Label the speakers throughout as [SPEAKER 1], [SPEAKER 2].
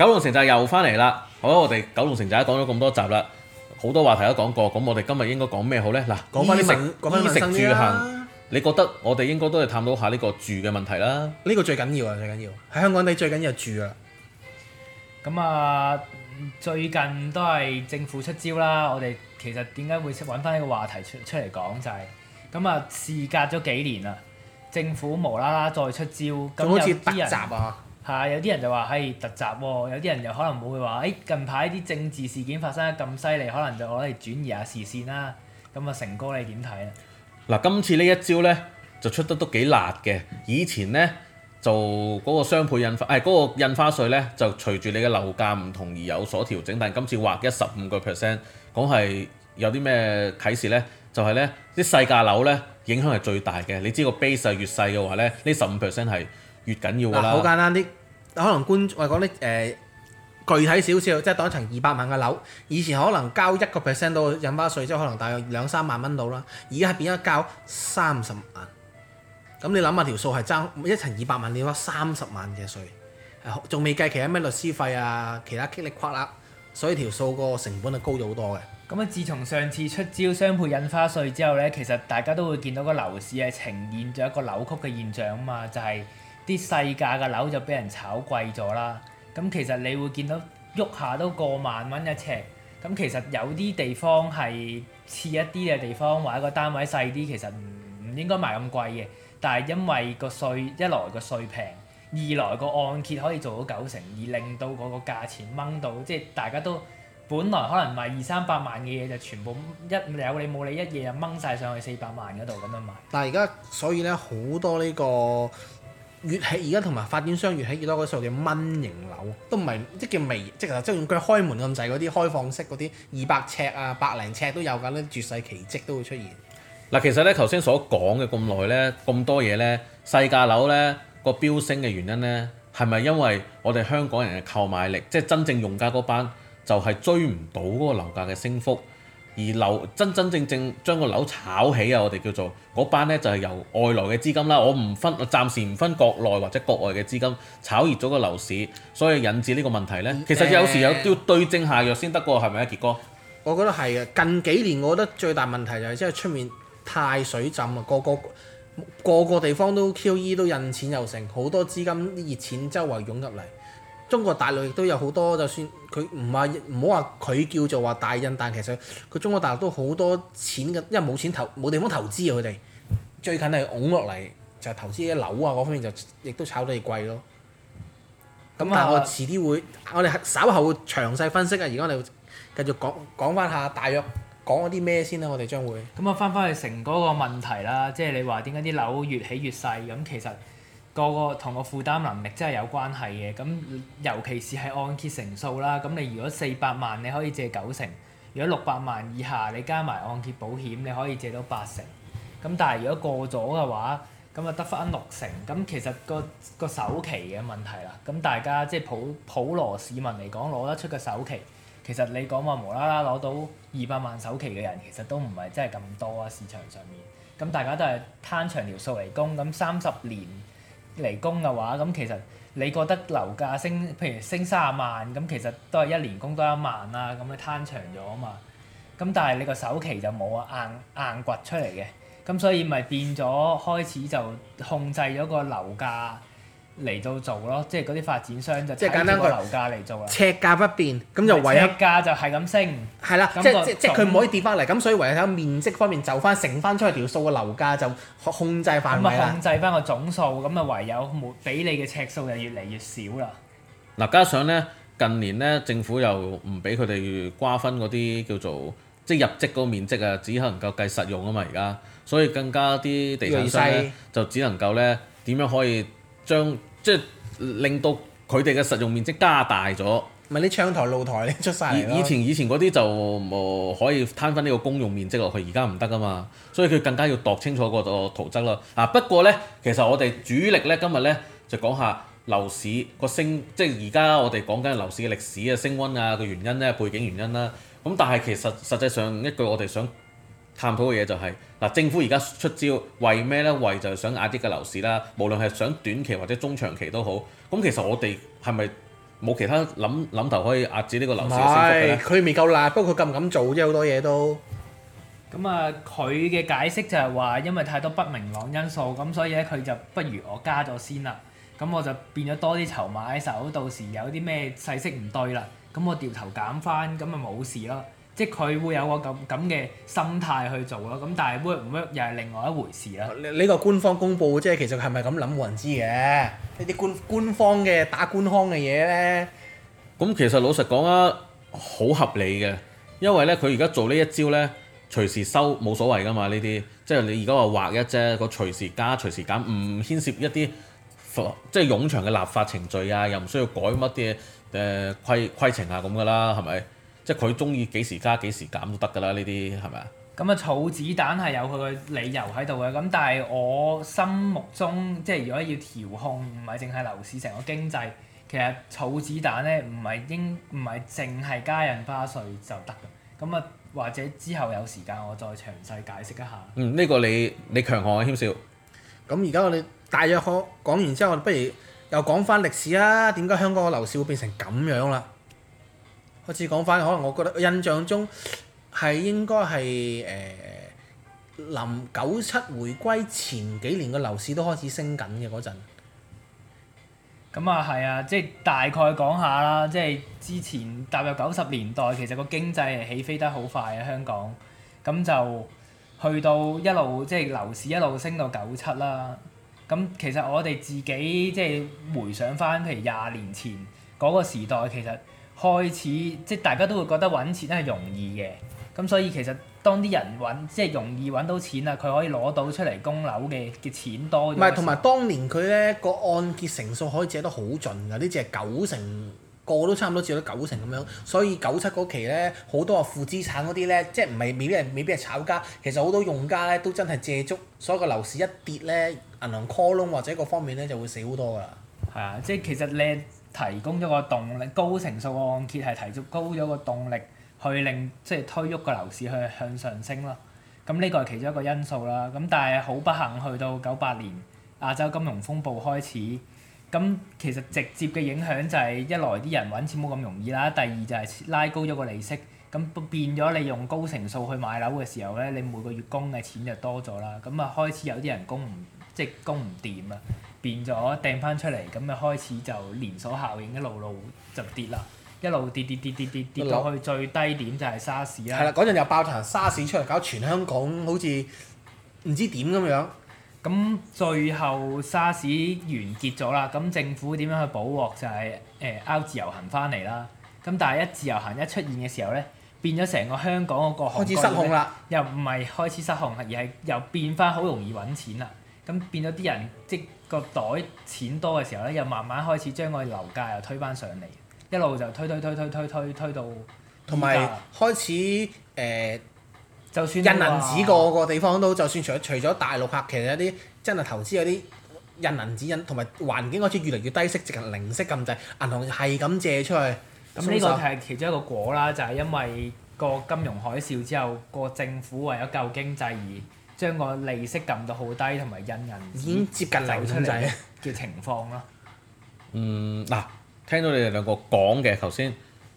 [SPEAKER 1] 九龍城寨又翻嚟啦，好啦，我哋九龍城寨講咗咁多集啦，好多話題都講過，咁我哋今日應該講咩好呢？嗱，講翻啲食，講翻啲食住行，你覺得我哋應該都係探討下呢個住嘅問題啦？呢個最緊要啊，最緊
[SPEAKER 2] 要喺香港你最緊要係住
[SPEAKER 3] 啊！咁啊，最近都係政府出招啦，我哋其實點解會揾翻呢個話題出出嚟講就係咁啊？事隔咗幾年啦，政府無啦啦再出招，咁好似突襲啊！係有啲人就話係突襲喎，有啲人又可能冇會話，誒、欸、近排啲政治事件發生得咁犀利，可能就攞嚟轉移下視線啦。咁啊，成哥你點睇啊？
[SPEAKER 1] 嗱，今次呢一招呢，就出得都幾辣嘅。以前呢，就嗰個雙倍印花，誒、哎、嗰、那個印花稅呢，就隨住你嘅樓價唔同而有所調整，但係今次劃一十五個 percent，講係有啲咩啟示呢？就係、是、呢啲細價樓呢，影響係最大嘅。你知個 base 係越細嘅話呢，呢十五 percent 係越緊要㗎啦！好、啊、簡
[SPEAKER 2] 單啲，可能觀我講啲誒、呃、具體少少，即係當一層二百萬嘅樓，以前可能交一個 percent 到印花稅，即係可能大約兩三萬蚊到啦。而家係變咗交三十萬，咁你諗下條數係爭一層二百萬，你交三十萬嘅稅，仲未計其他咩律師費啊，其他棘力誇啦，所以條數個成本係高咗好多嘅。
[SPEAKER 3] 咁啊，自從上次出招雙倍印花稅之後呢，其實大家都會見到個樓市係呈現咗一個扭曲嘅現象啊嘛，就係、是。啲細價嘅樓就俾人炒貴咗啦，咁其實你會見到喐下都過萬蚊一尺，咁其實有啲地方係次一啲嘅地方，或者個單位細啲，其實唔唔應該賣咁貴嘅，但係因為個稅一來個稅平，二來個按揭可以做到九成，而令到嗰個價錢掹到，即係大家都本來可能賣二三百萬
[SPEAKER 2] 嘅嘢就全部
[SPEAKER 3] 一有你冇你一夜就掹晒上去四百萬嗰度咁樣賣。
[SPEAKER 2] 但係而家所以呢好多呢個。越起而家同埋發展商越起越多嗰種嘅蚊型樓，都唔係即叫微，即係即係用腳開門咁滯嗰啲開放式嗰啲，二百尺啊百零尺都有㗎，呢絕世奇蹟都會出現。
[SPEAKER 1] 嗱，其實呢，頭先所講嘅咁耐呢，咁多嘢呢，細價樓呢個飆升嘅原因呢，係咪因為我哋香港人嘅購買力，即係真正用家嗰班就係追唔到嗰個樓價嘅升幅？而樓真真正正將個樓炒起啊！我哋叫做嗰班呢，就係由外來嘅資金啦。我唔分，暫時唔分國內或者國外嘅資金炒熱咗個樓市，所以引致呢個問題呢。其實有時有要對症下藥先得過，個係咪啊，傑哥？
[SPEAKER 2] 我覺得係啊。近幾年，我覺得最大問題就係即係出面太水浸啊，個個個個地方都 QE 都印錢又成，好多資金熱錢周圍湧入嚟。中國大陸亦都有好多，就算佢唔係唔好話佢叫做話大印，但其實佢中國大陸都好多錢嘅，因為冇錢投冇地方投資啊！佢哋最近係拱落嚟，就係、投資啲樓啊嗰方面就，就亦都炒得越貴咯。咁、嗯、但係我遲啲會，嗯、我哋稍後會詳細分析啊！而家我哋繼續講講翻下，大約講嗰啲咩先啦，我哋將會
[SPEAKER 3] 咁啊！翻返去成嗰個問題啦，即、就、係、係、你話點解啲樓越起越細咁？其實個個同個負擔能力真係有關係嘅，咁尤其是係按揭成數啦。咁你如果四百萬，你可以借九成；如果六百萬以下，你加埋按揭保險，你可以借到八成。咁但係如果過咗嘅話，咁啊得返六成。咁其實、嗰個個首期嘅問題啦，咁大家即係普普羅市民嚟講攞得出嘅首期，其實你講話無啦啦攞到二百萬首期嘅人，其實都唔係真係咁多啊。市場上面咁大家都係攤長條數嚟供，咁三十年。嚟供嘅話，咁其實你覺得樓價升，譬如升卅萬，咁其實都係一年供多一萬啦，咁你攤長咗啊嘛。咁但係你個首期就冇啊，硬硬掘出嚟嘅，咁所以咪變咗開始就控制咗個樓價。嚟到做咯，即係嗰啲發展商就即睇住個樓價嚟做啦。尺
[SPEAKER 2] 價不變，咁就唯尺
[SPEAKER 3] 價就係咁升，係啦了。即即即佢唔可以
[SPEAKER 2] 跌翻嚟，咁所以唯有喺面積方面就翻乘翻出去條數個樓價就控制範圍啦。咁啊控
[SPEAKER 3] 制翻個總數，咁啊唯有冇俾你嘅尺數就越嚟越少啦。
[SPEAKER 1] 嗱，加上咧近年咧政府又唔俾佢哋瓜分嗰啲叫做即入職個面積啊，只能夠計實用啊嘛而家，所以更加啲地產商就只能夠咧點樣可以將即係、就是、令到佢哋嘅實用面積加大咗。
[SPEAKER 2] 咪你窗台、露台咧出晒，以前
[SPEAKER 1] 以前嗰啲就冇、呃、可以攤翻呢個公用面積落去，而家唔得噶嘛。所以佢更加要度清楚個圖則咯。啊，不過呢，其實我哋主力呢今日呢就講下樓市個升，即係而家我哋講緊樓市嘅歷史啊、升溫啊嘅原因咧、啊、背景原因啦、啊。咁但係其實實際上一句我哋想探討嘅嘢就係、是。嗱，政府而家出招，為咩咧？為就係想壓抑嘅樓市啦。無論係想短期或者中長期都好。咁其實我哋係咪冇其他諗諗頭可以壓止呢個樓市升幅咧？佢
[SPEAKER 2] 未夠辣，不過佢敢唔敢做啫？好多嘢都。
[SPEAKER 3] 咁啊，佢嘅解釋就係話，因為太多不明朗因素，咁所以咧，佢就不如我加咗先啦。咁我就變咗多啲籌碼喺手，到時有啲咩細息唔對啦，咁我掉頭減翻，咁咪冇事咯。即係佢會有個咁咁嘅心態去做咯，咁但係 work 唔 work 又係另外一回事啦。呢個官
[SPEAKER 2] 方公布即係其實係咪咁諗冇人知嘅。呢啲官官方嘅打官腔嘅嘢咧，
[SPEAKER 1] 咁其實老實講啊，好合理嘅，因為咧佢而家做呢一招咧，隨時收冇所謂噶嘛呢啲，即係你而家話劃一啫，個隨時加隨時減，唔牽涉一啲即係冗長嘅立法程序啊，又唔需要改乜嘢誒規規程啊咁噶啦，係咪？即係佢中意幾時加幾時減都得㗎啦，呢啲係咪啊？
[SPEAKER 3] 咁啊，儲子彈係有佢嘅理由喺度嘅。咁但係我心目中，即係如果要調控，唔係淨係樓市成個經濟，其實儲子彈咧，唔係應唔係淨係加印花稅就得。咁啊，或
[SPEAKER 2] 者之後有時間我再詳細解釋一下。嗯，
[SPEAKER 1] 呢個你你強項呀，謙少。
[SPEAKER 2] 咁而家我哋大約可講完之後，我哋不如又講翻歷史啦。點解香港嘅樓市會變成咁樣啦？好似講返，可能我覺得印象中係應該係誒、呃、臨九七回歸前幾年嘅樓市都開始升緊嘅嗰陣。咁啊係啊，即、就、係、是、大
[SPEAKER 3] 概講下啦，即、就、係、是、之前踏入九十年代，其實個經濟係起飛得好快啊，香港。咁就去到一路即係、就是、樓市一路升到九七啦。咁其實我哋自己即係、就是、回想返，譬如廿年前嗰個時代，其實～開始即係大家都會覺得揾錢咧係容易嘅，咁所以其實當啲人揾即係容易揾到錢啦，佢可以攞到出嚟供樓嘅嘅錢多。唔係，同埋
[SPEAKER 2] 當年佢呢個按揭成數可以借得好盡㗎，啲借九成個都差唔多借到九成咁樣，所以九七嗰期呢，好多負資產嗰啲呢，即係唔係未必係未必係炒家，其實好多用家呢都真係借足，所以個樓市一跌呢，銀行 call 窿或者各方面呢就會死好多㗎。係啊，即係其實靚。提供
[SPEAKER 3] 咗個動力，高成數嘅按揭係提高咗個動力，去令即係、就是、推喐個樓市去向上升咯。咁、這、呢個係其中一個因素啦。咁但係好不幸，去到九八年亞洲金融風暴開始，咁其實直接嘅影響就係一來啲人揾錢冇咁容易啦，第二就係拉高咗個利息，咁變咗你用高成數去買樓嘅時候咧，你每個月供嘅錢就多咗啦。咁啊開始有啲人供唔即係供唔掂啊！變咗掟翻出嚟，咁就開始就連鎖效應一路路就跌啦，一路跌跌跌跌跌跌落去最低點就係沙士啦。係啦，嗰陣
[SPEAKER 2] 又爆騰沙士出嚟搞全香港，好似唔知點咁樣。咁
[SPEAKER 3] 最後沙士完結咗啦，咁政府點樣去補鑊就係誒 out 自由行翻嚟啦。咁但係一自由行一出現嘅時候咧，變咗成個香港個個開始失控啦，又唔係開始失控，而係又變翻好容易揾錢啦。咁變咗啲人即個袋錢多嘅時候咧，又慢慢開始將個樓價又推返上嚟，
[SPEAKER 2] 一路就推推推推推推推到。同埋開始誒，呃、就算、這個、印銀紙個個地方都，就算除除咗大陸客，其實有啲真係投資有啲印銀紙印，同埋環境開始越嚟越低息，直情零息咁滯，銀行係咁借出去。咁呢個就係其中一個果啦，就係、是、因為個金融海嘯
[SPEAKER 3] 之後，個政府為咗救經濟而。將個利息撳到好低，同埋因人已經接近零嘅情況咯。
[SPEAKER 1] 嗯，嗱、啊，聽到你哋兩個講嘅頭先，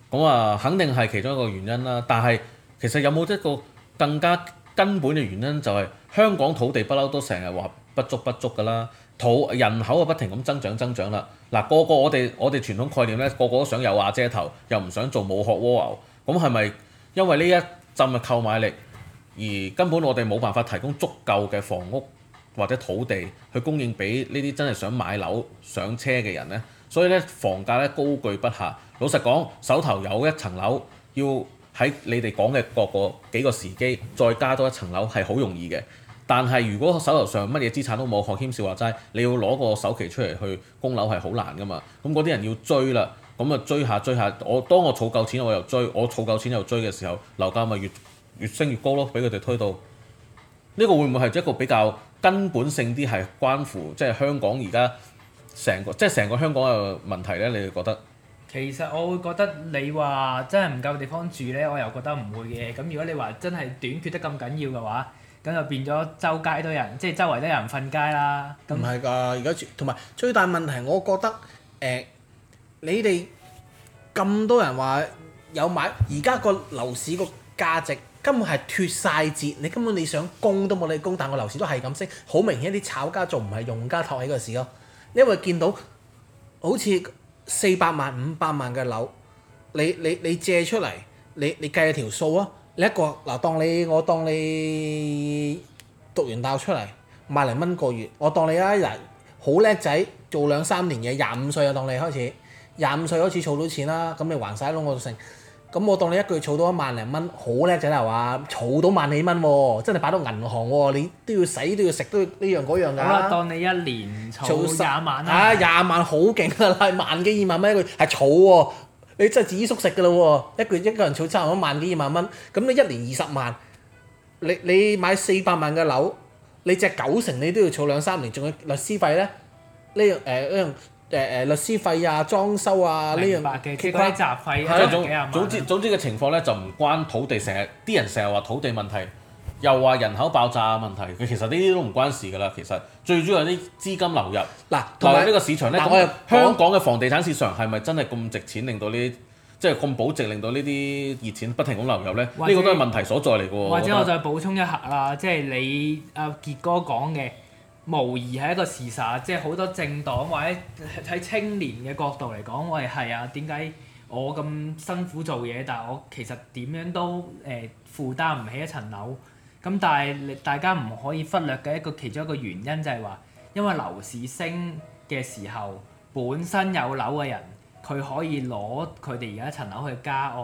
[SPEAKER 1] 咁啊、嗯，肯定係其中一個原因啦。但係其實有冇一個更加根本嘅原因、就係，就係香港土地不嬲都成日話不足不足㗎啦。土人口就不停咁增長增長啦。嗱、啊，個個我哋我哋傳統概念咧，個個都想有瓦遮頭，又唔想做冇殼蝸牛。咁係咪因為呢一浸嘅購買力？而根本我哋冇辦法提供足夠嘅房屋或者土地去供應俾呢啲真係想買樓上車嘅人咧，所以咧房價咧高居不下。老實講，手頭有一層樓要喺你哋講嘅各個幾個時機再加多一層樓，係好容易嘅。但係如果手頭上乜嘢資產都冇，學謙少話齋，你要攞個首期出嚟去供樓，係好難噶嘛。咁嗰啲人要追啦，咁啊追下追下,追下，我當我儲夠錢，我又追，我儲夠錢又追嘅時候，樓價咪越越升越高咯，俾佢哋推到。呢個會唔會係一個比較根本性啲係關乎即係香港而家成個即係成個香港嘅問題呢？你哋覺得？
[SPEAKER 3] 其實我會覺得你話真係唔夠地方住呢，我又覺得唔會嘅。咁如果你話真係短缺得咁緊要嘅話，咁就變咗周街都有人，即係周圍都有人瞓街啦。
[SPEAKER 2] 唔係㗎，而家同埋最大問題，我覺得誒、呃，你哋咁多人話有買而家個樓市個價值。根本係脫晒節，你根本你想供都冇你供，但係我樓市都係咁升，好明顯啲炒家做唔係用家托起個市咯，因為見到好似四百萬、五百萬嘅樓，你你你借出嚟，你你計條數啊，你一個嗱當你我當你，我當你讀完大學出嚟，萬零蚊個月，我當你一日好叻仔，做兩三年嘢，廿五歲就當你開始，廿五歲開始儲到錢啦，咁你還晒咯我就剩。咁我當你一個月儲到一萬零蚊，好叻仔啦，係話儲到萬幾蚊喎，真係擺到銀行喎、哦，你都要使，都要食都要呢、這個那個、樣嗰樣㗎。當
[SPEAKER 3] 你一年儲廿萬啦。廿
[SPEAKER 2] 萬好勁啊。係萬幾二萬蚊一個月，係儲喎，你真係自己縮食㗎啦喎，一個月一個人儲差唔多萬幾二萬蚊，咁你一年二十萬，你你買四百萬嘅樓，你只九成你都要儲兩三年，仲要律師費咧，呢樣誒呢樣。呃誒誒、呃，律師費啊，裝修啊，呢樣嘅其他雜
[SPEAKER 1] 費啊，總之總之嘅情況咧就唔關土地，成日啲人成日話土地問題，又話人口爆炸嘅問題，其實呢啲都唔關事㗎啦。其實最主要係啲資金流入。
[SPEAKER 2] 嗱同埋呢個市場咧，是
[SPEAKER 1] 且香港嘅房地產市場係咪真係咁值錢，令到呢啲即係咁保值，令到呢啲熱錢不停咁流入咧？呢個都係問題所在嚟㗎。或者，或者我再
[SPEAKER 3] 補充一下啦，即、就、係、是、你阿傑、啊、哥講嘅。無疑係一個事實，即係好多政黨或者喺青年嘅角度嚟講，喂係啊，點解我咁辛苦做嘢，但係我其實點樣都誒負擔唔起一層樓。咁但係大家唔可以忽略嘅一個其中一個原因就係話，因為樓市升嘅時候，本身有樓嘅人，佢可以攞佢哋而家一層樓去加按，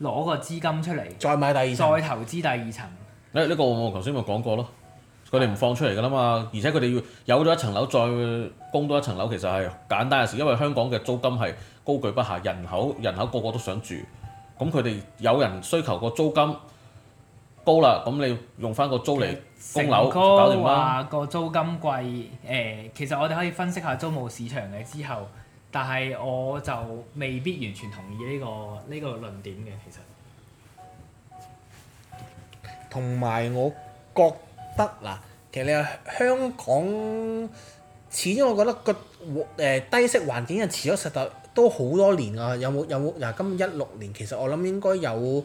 [SPEAKER 3] 攞個資金出嚟，再買第二，再投資第二層。
[SPEAKER 1] 呢呢、欸呢個我頭先咪講過咯。佢哋唔放出嚟㗎啦嘛，而且佢哋要有咗一層樓再供多一層樓，其實係簡單嘅事，因為香港嘅租金係高居不下，人口人口個個都想住，咁佢哋有人需求個租金高啦，咁你用返個租嚟供樓搞掂啦。成哥話
[SPEAKER 3] 個租金貴，誒、呃，其實我哋可以分析下租務市場嘅之後，但係我就未必完全同意呢、呢個呢、呢個論點嘅，其實。
[SPEAKER 2] 同埋我覺。得嗱，其實你話香港始終我覺得個誒低息環境係遲咗實在都好多年啊！有冇有冇嗱？今一六年其實我諗應該有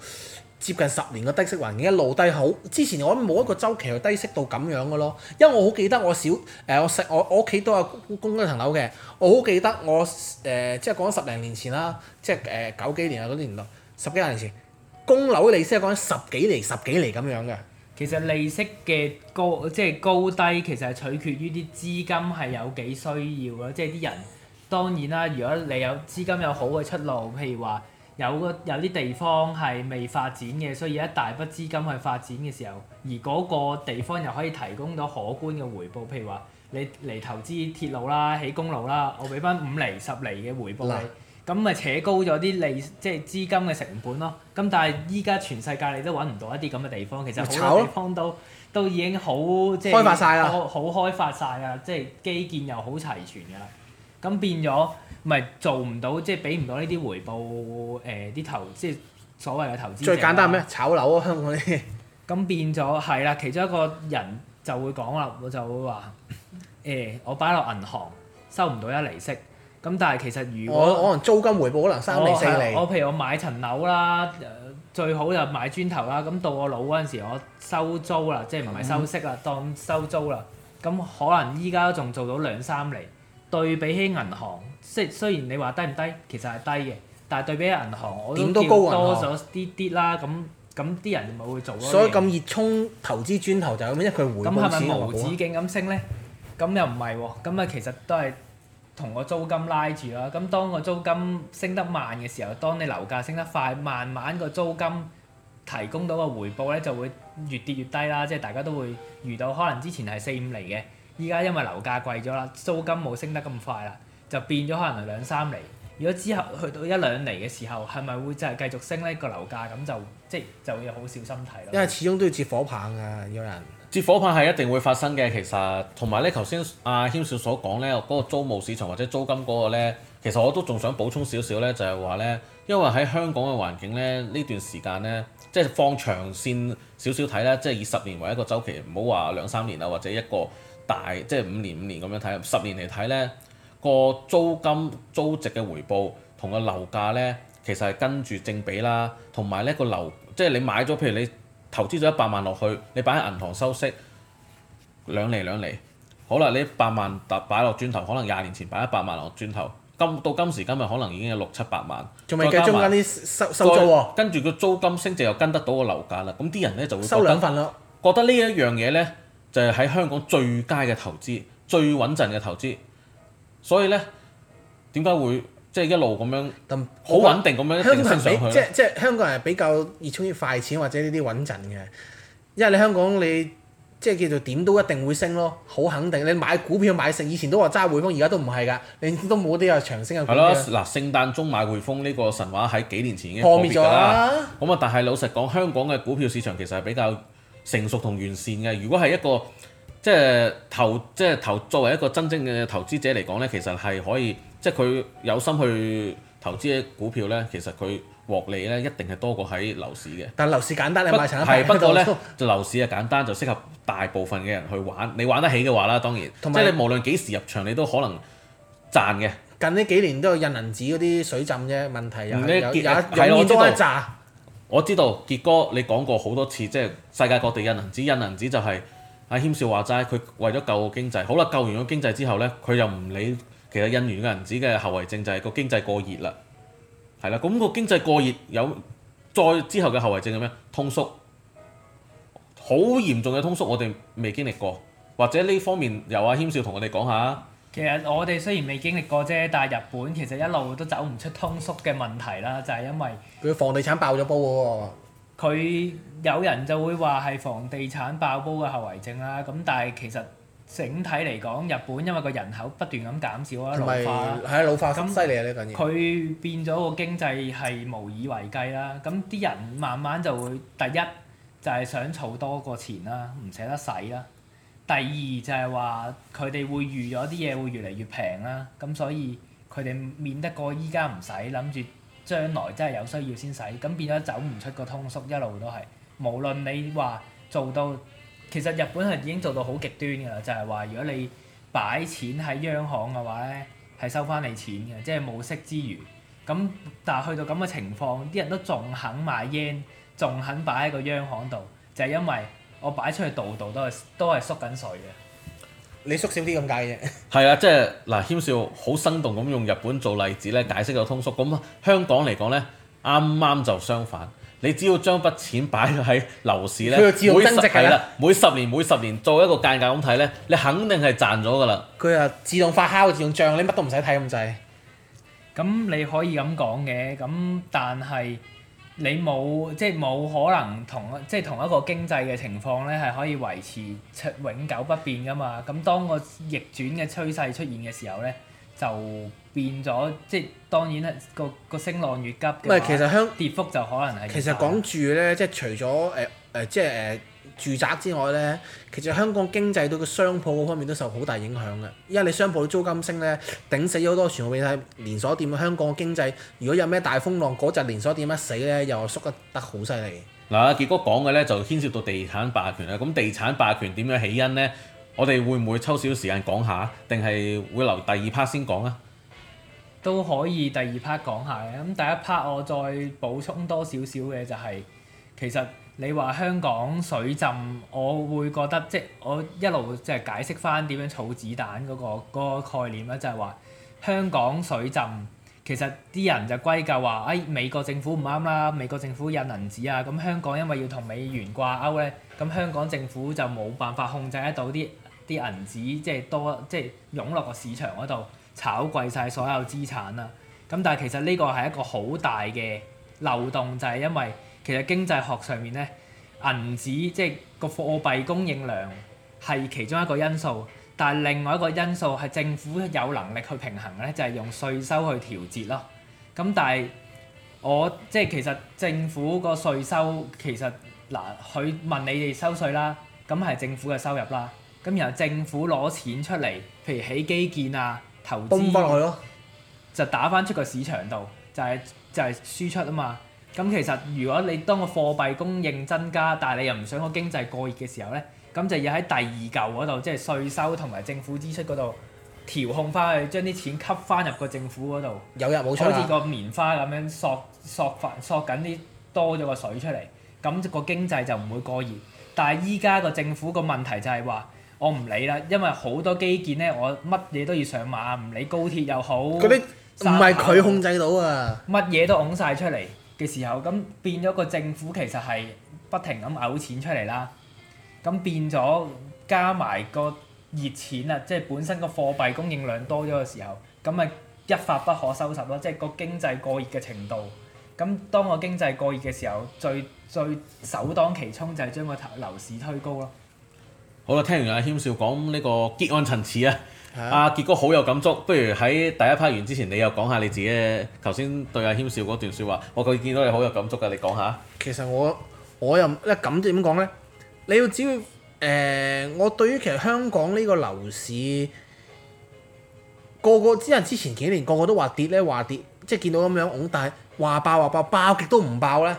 [SPEAKER 2] 接近十年嘅低息環境，一路低好。之前我諗冇一個周期係低息到咁樣嘅咯，因為我好記得我小誒我細我我屋企都有供一層樓嘅。我好記得我誒、呃、即係講十零年前啦，即係誒、呃、九幾年啊啲年代，十幾廿年前供樓嘅利息係講十幾厘、十幾厘咁樣嘅。其實利息嘅高即係高低，其實係取
[SPEAKER 3] 決於啲資金係有幾需要咯。即係啲人當然啦，如果你有資金有好嘅出路，譬如話有個有啲地方係未發展嘅，所以一大筆資金去發展嘅時候，而嗰個地方又可以提供到可觀嘅回報，譬如話你嚟投資鐵路啦、起公路啦，我俾翻五厘十厘嘅回報你。咁咪扯高咗啲利，即係資金嘅成本咯。咁但係依家全世界你都揾唔到一啲咁嘅地方，其實好多地方都都已經好即係開發晒啦，好開發曬啦，即係基建又好齊全噶啦。咁變咗，咪、就是、做唔到，即係俾唔到呢啲回報誒啲、呃、投，即係所謂嘅投資者。最簡單咩？炒樓啊，香港啲。咁變咗係啦，其中一個人就會講啦，我就會話誒、欸，我擺落銀行收唔到一厘息。咁但係其實如果可能
[SPEAKER 2] 租金回報可能三厘四厘，啊，我
[SPEAKER 3] 譬如我買層樓啦，呃，最好就買磚頭啦。咁到我老嗰陣時，我收租啦，即係唔係收息啦，當收租啦。咁、嗯、可能依家仲做到兩三厘。對比起銀行，即係雖然你話低唔低，其實係低嘅，但係對比起銀行，我點都高多咗啲啲啦。咁咁啲人
[SPEAKER 2] 咪會做囉。所以咁熱衷投資磚頭就係咁，因為佢回報咁係咪無止
[SPEAKER 3] 境咁升咧？咁、嗯、又唔係喎，咁啊其實都係。同個租金拉住啦。咁當個租金升得慢嘅時候，當你樓價升得快，慢慢個租金提供到個回報咧，就會越跌越低啦。即係大家都會遇到可能之前係四五厘嘅，依家因為樓價貴咗啦，租金冇升得咁快啦，就變咗可能兩三厘。如果之後去到一兩厘嘅時候，係咪會就係繼續升咧個樓價？咁就即係就會好小
[SPEAKER 2] 心睇咯。因為始終都要接火棒啊，有人。
[SPEAKER 1] 接火棒係一定會發生嘅，其實同埋咧，頭先阿謙少所講咧，嗰個租務市場或者租金嗰個咧，其實我都仲想補充少少咧，就係話咧，因為喺香港嘅環境咧，呢段時間咧，即係放長線少少睇咧，即係以十年為一個週期，唔好話兩三年啊，或者一個大即係五年五年咁樣睇，十年嚟睇咧，個租金租值嘅回報同個樓價咧，其實係跟住正比啦，同埋咧個樓，即係你買咗，譬如你。投資咗一百萬落去，你擺喺銀行收息，兩釐兩釐，好啦，你一百萬搭擺落轉頭，可能廿年前擺一百萬落轉頭，今到今時今日可能已經有六七百萬，仲未計中間啲
[SPEAKER 2] 收收租喎、哦。
[SPEAKER 1] 跟住個租金升值又跟得到個樓價啦。咁啲人呢就會收兩份咯，覺得呢一樣嘢呢，就係、是、喺香港最佳嘅投資，最穩陣嘅投資。所以呢，點解會？即係一路咁樣，好說穩定咁樣一直升上去。即
[SPEAKER 2] 即係香港人係比較熱衷於快錢或者呢啲穩陣嘅，因為你香港你即係叫做點都一定會升咯，好肯定。你買股票買成，以前都話揸匯豐，而家都唔係㗎，你都冇啲啊長升嘅。係咯，嗱，
[SPEAKER 1] 聖誕中鐘買匯豐呢個神話喺幾年前已經破滅咗啦。咁啊，但係老實講，香港嘅股票市場其實係比較成熟同完善嘅。如果係一個即係投即係投作為一個真正嘅投資者嚟講呢，其實係可以。即係佢有心去投資嘅股票呢，其實佢獲利呢一定係多過喺樓市嘅。
[SPEAKER 2] 但係樓市簡單你買成一排不過呢，
[SPEAKER 1] 就樓市就簡單，就適合大部分嘅人去玩。你玩得起嘅話啦，當然有即係你無論幾時入場，你都可能賺嘅。
[SPEAKER 2] 近呢幾年都有印銀紙嗰啲水浸啫問題有，嗯、有結有一跌多一揸。
[SPEAKER 1] 我知道傑一哥你講過好多次，即係世界各地印銀紙，印銀紙就係、是、阿、啊、謙少話齋，佢為咗救經濟。好啦，救完咗經濟之後呢，佢又唔理。其實印完嗰陣時嘅後遺症就係個經濟過熱啦，係啦，咁個經濟過熱有再之後嘅後遺症係咩？通縮，好嚴重嘅通縮，我哋未經歷過，或者呢方面由阿軒少同我哋講下。
[SPEAKER 3] 其實我哋雖然未經歷過啫，但係日本其實一路都走唔出通縮嘅問題啦，就係因為
[SPEAKER 2] 佢房地產爆咗煲喎。
[SPEAKER 1] 佢
[SPEAKER 3] 有人就會話係房地產爆煲嘅後遺症啦，咁但係其實。整體嚟講，日本因為個人口不斷咁減少啊，老化啦，
[SPEAKER 2] 係啊，老化咁犀利啊！呢樣嘢佢
[SPEAKER 3] 變咗個經濟係無以為繼啦。咁啲人慢慢就會第一就係、是、想儲多個錢啦，唔捨得使啦。第二就係話佢哋會預咗啲嘢會越嚟越平啦，咁所以佢哋免得過依家唔使，諗住將來真係有需要先使，咁變咗走唔出個通縮，一路都係。無論你話做到。其實日本係已經做到好極端㗎啦，就係話如果你擺錢喺央行嘅話咧，係收翻你錢嘅，即係冇息之餘。咁但係去到咁嘅情況，啲人都仲肯買 yen，仲肯擺喺個央行度，就係因為我擺出去度度都係都係縮緊水嘅。你縮
[SPEAKER 2] 少啲咁解啫。
[SPEAKER 1] 係 啊，即係嗱，軒少好生動咁用日本做例子咧，解釋咗通縮。咁香港嚟講咧，啱啱就相反。你只要將筆錢擺喺樓市咧，佢自動增值㗎啦！每十年每十年做一個間隔咁睇咧，你肯定係賺咗㗎啦。
[SPEAKER 2] 佢啊自動發酵、自動漲，你乜都唔使睇咁滯。咁你可
[SPEAKER 3] 以咁講嘅，咁但係你冇即係冇可能同即係、就是、同一個經濟嘅情況咧，係可以維持永久不變噶嘛？咁當個逆轉嘅趨勢出現嘅時候咧，就～變咗，即係當然係個個聲浪越急。唔係，其實香跌幅就可能係。其實講
[SPEAKER 2] 住咧，即係除咗誒誒，即係誒、呃、住宅之外咧，其實香港經濟對個商鋪嗰方面都受好大影響嘅，因為你商鋪嘅租金升咧，頂死好多全部變晒連鎖店。香港嘅經濟如果有咩大風浪，嗰陣連鎖店一死咧，又縮得得好犀利
[SPEAKER 1] 嗱。結果講嘅咧就牽涉到地產霸權咧。咁地產霸權點樣起因咧？我哋會唔會抽少少時間講下，定係會留第二 part 先講啊？
[SPEAKER 3] 都可以第二 part 講下嘅，咁第一 part 我再補充多少少嘅就係，其實你話香港水浸，我會覺得即我一路即係解釋翻點樣儲子彈嗰個嗰個概念啦，就係話香港水浸，其實啲人就歸咎話誒美國政府唔啱啦，美國政府印銀紙啊，咁香港因為要同美元掛鈎咧，咁香港政府就冇辦法控制得到啲啲銀紙即係多即係湧落個市場嗰度。炒貴晒所有資產啦！咁但係其實呢個係一個好大嘅漏洞，就係因為其實經濟學上面呢，銀紙即係個貨幣供應量係其中一個因素，但係另外一個因素係政府有能力去平衡呢就係用稅收去調節咯。咁但係我即係其實政府個稅收其實嗱，佢問你哋收稅啦，咁係政府嘅收入啦。咁然後政府攞錢出嚟，譬如起基建啊。投資翻落去囉，就打翻出個市場度，就係就係輸出啊嘛。咁其實如果你當個貨幣供應增加，但係你又唔想個經濟過熱嘅時候咧，咁就要喺第二嚿嗰度，即係稅收同埋政府支出嗰度調控翻去，將啲錢吸翻入個政府嗰度，好似個棉花咁樣索索翻索緊啲多咗個水出嚟，咁個經濟就唔會過熱。但係依家個政府個問題就係話。我唔理啦，因為好多基建呢，我乜嘢都要上馬，唔理高鐵又好，嗰啲唔係佢控制到啊！乜嘢都拱晒出嚟嘅時候，咁變咗個政府其實係不停咁嘔錢出嚟啦。咁變咗加埋個熱錢啊，即係本身個貨幣供應量多咗嘅時候，咁咪一發不可收拾咯。即係個經濟過熱嘅程度。咁當個經濟過熱嘅時候，最最首當其衝就係將個樓市推高咯。
[SPEAKER 1] 好啦，聽完阿謙少講呢個結案陳詞啊，阿傑哥好有感觸。不如喺第一 part 完之前，你又講下你自己頭先對阿謙少嗰段説話，我見到你好有感觸噶，你講下。
[SPEAKER 2] 其實我我又咁感點講呢？你要只要、呃、我對於其實香港呢個樓市個個只係之前幾年個個都話跌呢，話跌即係見到咁樣擁，但係話爆話爆爆極都唔爆呢，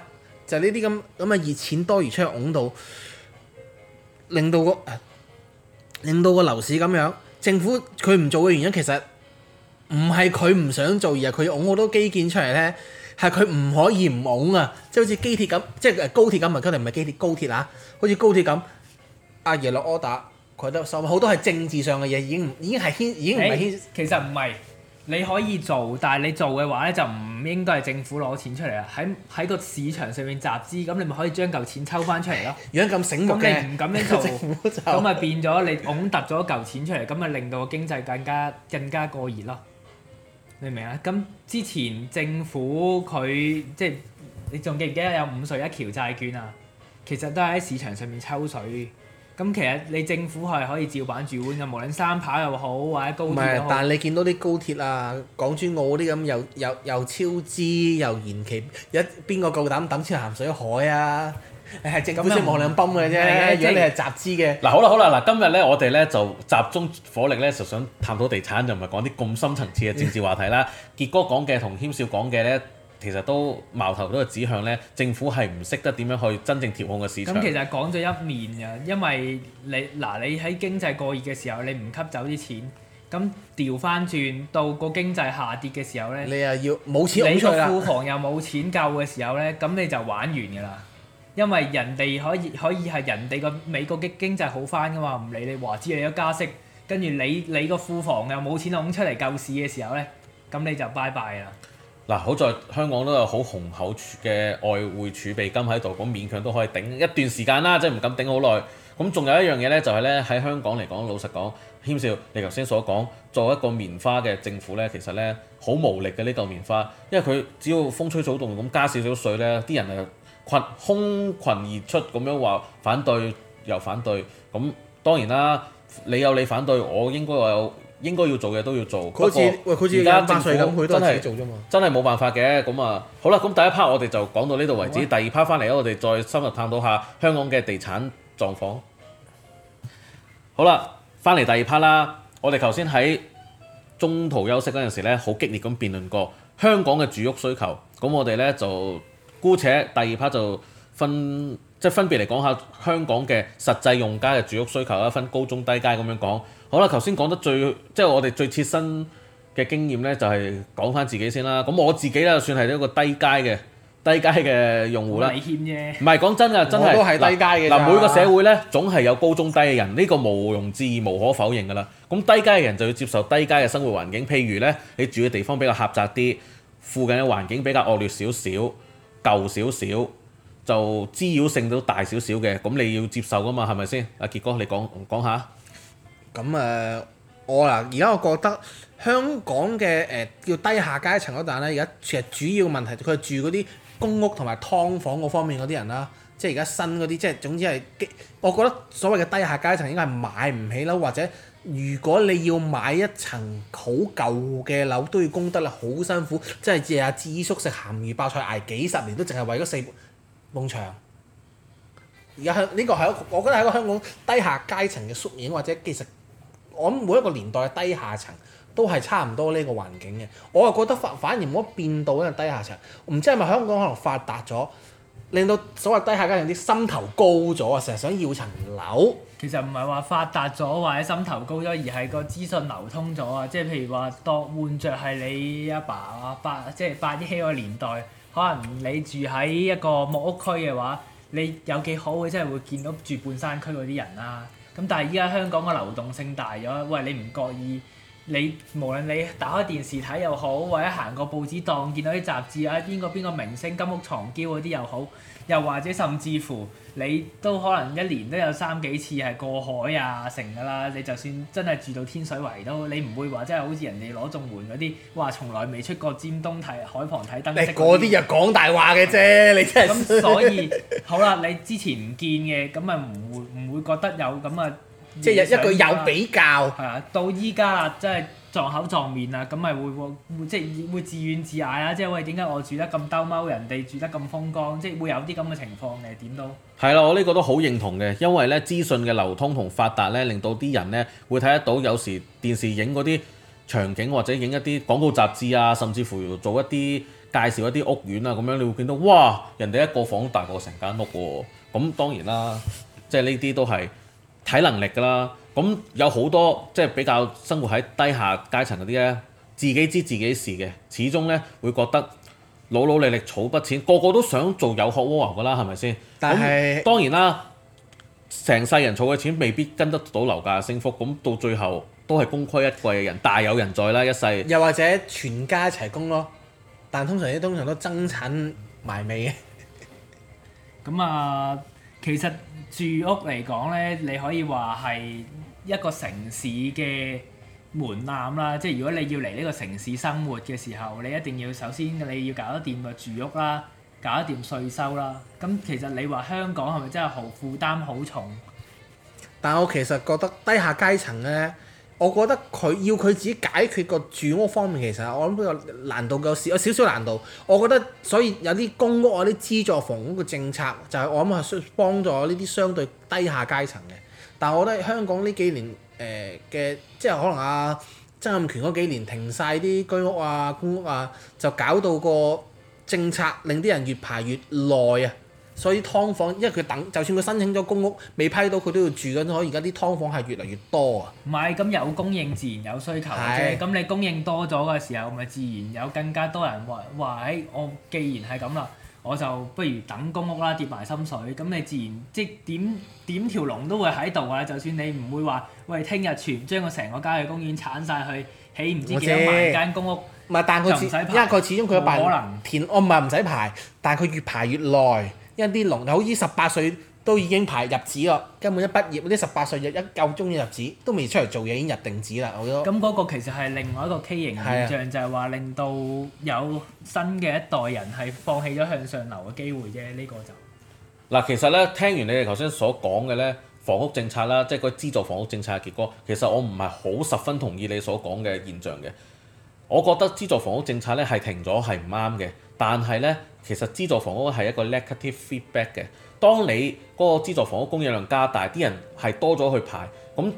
[SPEAKER 2] 就呢啲咁咁嘅熱錢多餘出嚟擁到。令到個令到個樓市咁樣，政府佢唔做嘅原因其實唔係佢唔想做，而係佢擁好多基建出嚟咧，係佢唔可以唔擁啊！即係好似機鐵咁，即係高鐵咁啊！今日唔係機鐵，高鐵啊，好似高鐵咁，阿爺落 order，佢都收好多係政治上嘅嘢，已經已經係牽，已經唔係牽、欸。其實唔係。你可以做，但係你做嘅話咧就
[SPEAKER 3] 唔應該係政府攞錢出嚟啦，喺喺個市場上面集資，咁你咪可以將嚿錢抽翻出嚟咯。
[SPEAKER 2] 如果咁醒目咁你唔咁樣做，咁咪
[SPEAKER 3] 變咗你㧬揼咗嚿錢出嚟，咁咪令到個經濟更加更加過熱咯。你明唔明啊？咁之前政府佢即係你仲記唔記得有五隧一橋債券啊？其實都係喺市場上面抽水。咁其實你政府係可以照板住碗嘅，無論三跑又好或者高鐵都好。唔係，但係你
[SPEAKER 2] 見到啲高鐵啊、港珠澳啲咁，又又又超支又延期，有邊個夠膽抌出鹹水海啊！你係政府先無量泵嘅啫，啊、如果你係集資嘅。嗱、啊、好
[SPEAKER 1] 啦好啦，嗱今日咧我哋咧就集中火力咧就想探討地產，就唔係講啲咁深層次嘅政治話題啦。傑、嗯、哥講嘅同謙少講嘅咧。其實都矛頭都係指向咧，政府係唔識得點樣去真正調控個市
[SPEAKER 3] 場。咁其實講咗一面㗎，因為你嗱你喺經濟過熱嘅時候，你唔吸走啲錢，咁調翻轉到個經濟下跌嘅時候咧，你
[SPEAKER 2] 又要冇錢，你個庫房
[SPEAKER 3] 又冇錢救嘅時候咧，咁你就玩完㗎啦。因為人哋可以可以係人哋個美國嘅經濟好翻㗎嘛，唔理你話知你咗加息，跟住你你個庫房又冇錢湧出嚟救市嘅時候咧，咁你就拜拜啦。
[SPEAKER 1] 嗱，啊、好在香港都有好雄厚嘅外匯儲備金喺度，咁勉強都可以頂一段時間啦，即係唔敢頂好耐。咁仲有一樣嘢咧，就係咧喺香港嚟講，老實講，謙少你頭先所講，作為一個棉花嘅政府咧，其實咧好無力嘅呢嚿棉花，因為佢只要風吹草動，咁加少少稅咧，啲人啊群空群而出咁樣話反對又反對，咁當然啦，你有你反對我應該我有。應該要做嘅都要做，佢好似，佢好似而家政府真係做嘛？真係冇辦法嘅咁啊。好啦，咁第一 part 我哋就講到呢度為止，啊、第二 part 翻嚟咧，我哋再深入探討下香港嘅地產狀況。好啦，翻嚟第二 part 啦，我哋頭先喺中途休息嗰陣時咧，好激烈咁辯論過香港嘅住屋需求，咁我哋呢，就姑且第二 part 就分。即係分別嚟講下香港嘅實際用家嘅住屋需求，一分高中低階咁樣講。好啦，頭先講得最即係我哋最切身嘅經驗呢，就係講翻自己先啦。咁我自己呢算係一個低階嘅低階嘅用戶啦。危
[SPEAKER 3] 險啫！唔係
[SPEAKER 1] 講真啊，真係都係低階嘅。嗱，每個社會呢，總係有高中低嘅人，呢個毋庸置疑、無可否認㗎啦。咁低階嘅人就要接受低階嘅生活環境，譬如呢，你住嘅地方比較狹窄啲，附近嘅環境比較惡劣少少、舊少少。就滋擾性都大少少嘅，咁你要接受噶嘛？係咪先？阿、啊、傑哥，你講講下。
[SPEAKER 2] 咁誒、嗯，我、呃、嗱，而家我覺得香港嘅誒、呃、叫低下階層嗰陣咧，而家其實主要問題，佢係住嗰啲公屋同埋劏房嗰方面嗰啲人啦、啊，即係而家新嗰啲，即係總之係基。我覺得所謂嘅低下階層應該係買唔起樓，或者如果你要買一層好舊嘅樓，都要供得啦，好辛苦，即係借阿自叔食鹹魚白菜，捱幾十年都淨係為咗四。夢長，而家香呢個係一個，我覺得係一個香港低下階層嘅縮影，或者其實我諗每一個年代嘅低下層都係差唔多呢個環境嘅，我又覺得反反而冇乜變到呢個低下層，唔知係咪香港可能發達咗，令到所謂低下階層啲心頭高咗啊，成日想要層樓。其實唔係話發達咗或者心頭高咗，而係個
[SPEAKER 3] 資訊流通咗啊，即係譬如話當換着係你阿爸，爸八即係八啲七嗰個年代。可能你住喺一個木屋區嘅話，你有幾好會真係會見到住半山區嗰啲人啦、啊。咁但係依家香港嘅流動性大咗，喂，你唔覺意，你無論你打開電視睇又好，或者行過報紙檔見到啲雜誌啊，邊個邊個明星金屋藏嬌嗰啲又好，又或者甚至乎。你都可能一年都有三幾次係過海啊、成噶啦，你就算真係住到天水圍都，你唔會話真係好似人哋攞綜援嗰啲哇，從來未出過尖東睇海旁睇燈飾。誒，嗰啲就講
[SPEAKER 2] 大話嘅啫，你真係。咁所以
[SPEAKER 3] 好啦，你之前唔見嘅，咁咪唔會唔會覺得有咁啊？即係一句有比較。係啊，到依家啊，即係。撞口撞面啊，咁咪會會即係會，會，會，會自怨自艾啊！即係喂，點解我住得咁兜踎，人哋住得咁風光？即係會有啲咁嘅情況嘅點都。
[SPEAKER 1] 係啦，我呢個都好認同嘅，因為呢資訊嘅流通同發達呢，令到啲人呢會睇得到，有時電視影嗰啲場景或者影一啲廣告雜誌啊，甚至乎做一啲介紹一啲屋苑啊，咁樣你會見到哇，人哋一個房大過成間屋喎，啊。咁當然啦，即係呢啲都係睇能力噶啦。咁有好多即係比較生活喺低下階層嗰啲呢，自己知自己事嘅，始終呢會覺得努努力力儲筆錢，個個都想做有殼蝸牛嘅啦，係咪先？但係是當然啦，成世人儲嘅錢未必跟得到樓價升幅，咁到最後都係功虧一簣嘅人，大有人在啦，一世。
[SPEAKER 2] 又或者全家一齊供咯，但通常啲通常都爭產埋尾嘅。咁 啊，其
[SPEAKER 3] 實～住屋嚟講呢，你可以話係一個城市嘅門檻啦。即係如果你要嚟呢個城市生活嘅時候，你一定要首先你要搞得掂個住屋啦，搞得掂稅收啦。咁其實你話香港係咪真係好負擔好重？
[SPEAKER 2] 但我其實覺得低下階層呢。我覺得佢要佢自己解決個住屋方面，其實我諗比較難度夠少，有少少難度。我覺得所以有啲公屋啊、啲資助房屋嘅政策，就係、是、我諗係需要幫助呢啲相對低下階層嘅。但係我覺得香港呢幾年誒嘅、呃，即係可能阿、啊、曾蔭權嗰幾年停晒啲居屋啊、公屋啊，就搞到個政策令啲人越排越耐啊！所以劏房，因為佢等，就算佢申請咗公屋未批到，佢都要住緊。所以而家啲劏房係越嚟越多啊！唔係咁有供
[SPEAKER 3] 應，自然有需求啫。咁係你供應多咗嘅時候，咪自然有更加多人話話，誒、哎，我既然係咁啦，我就不如等公屋啦，跌埋心水。咁你自然即點點條龍都會喺度啊！就算你唔會話喂，聽日全將個成個郊野公園剷晒去起唔知幾多，多萬間公屋，
[SPEAKER 2] 唔係佢，但佢唔使因為佢始終佢有可能，填，我唔係唔使排，但佢越排越耐。一啲籠就好似十八歲都已經排入紙咯，根本一畢業嗰啲十八歲就一夠鐘入紙，都未出嚟做嘢已經入定紙啦。咁嗰個其實係另外一個畸形現象，嗯、就係話令到有新
[SPEAKER 3] 嘅一代人係放棄咗向上流嘅機會啫。呢、呢個就
[SPEAKER 1] 嗱，其實呢，聽完你哋頭先所講嘅呢房屋政策啦，即係個資助房屋政策嘅結果，其實我唔係好十分同意你所講嘅現象嘅。我覺得資助房屋政策咧係停咗係唔啱嘅，但係咧其實資助房屋係一個 negative feedback 嘅。當你嗰個資助房屋供應量加大，啲人係多咗去排，咁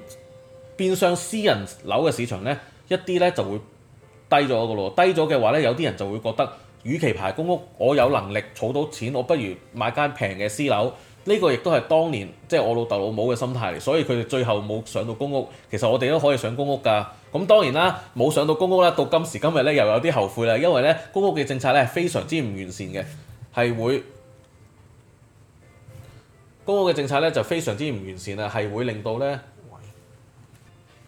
[SPEAKER 1] 變相私人樓嘅市場咧一啲咧就會低咗個咯。低咗嘅話咧，有啲人就會覺得，與其排公屋，我有能力儲到錢，我不如買間平嘅私樓。呢個亦都係當年即係、就是、我老豆老母嘅心態嚟，所以佢哋最後冇上到公屋。其實我哋都可以上公屋㗎。咁當然啦，冇上到公屋啦。到今時今日咧又有啲後悔啦。因為咧，公屋嘅政策咧係非常之唔完善嘅，係會公屋嘅政策咧就非常之唔完善啊，係會令到咧，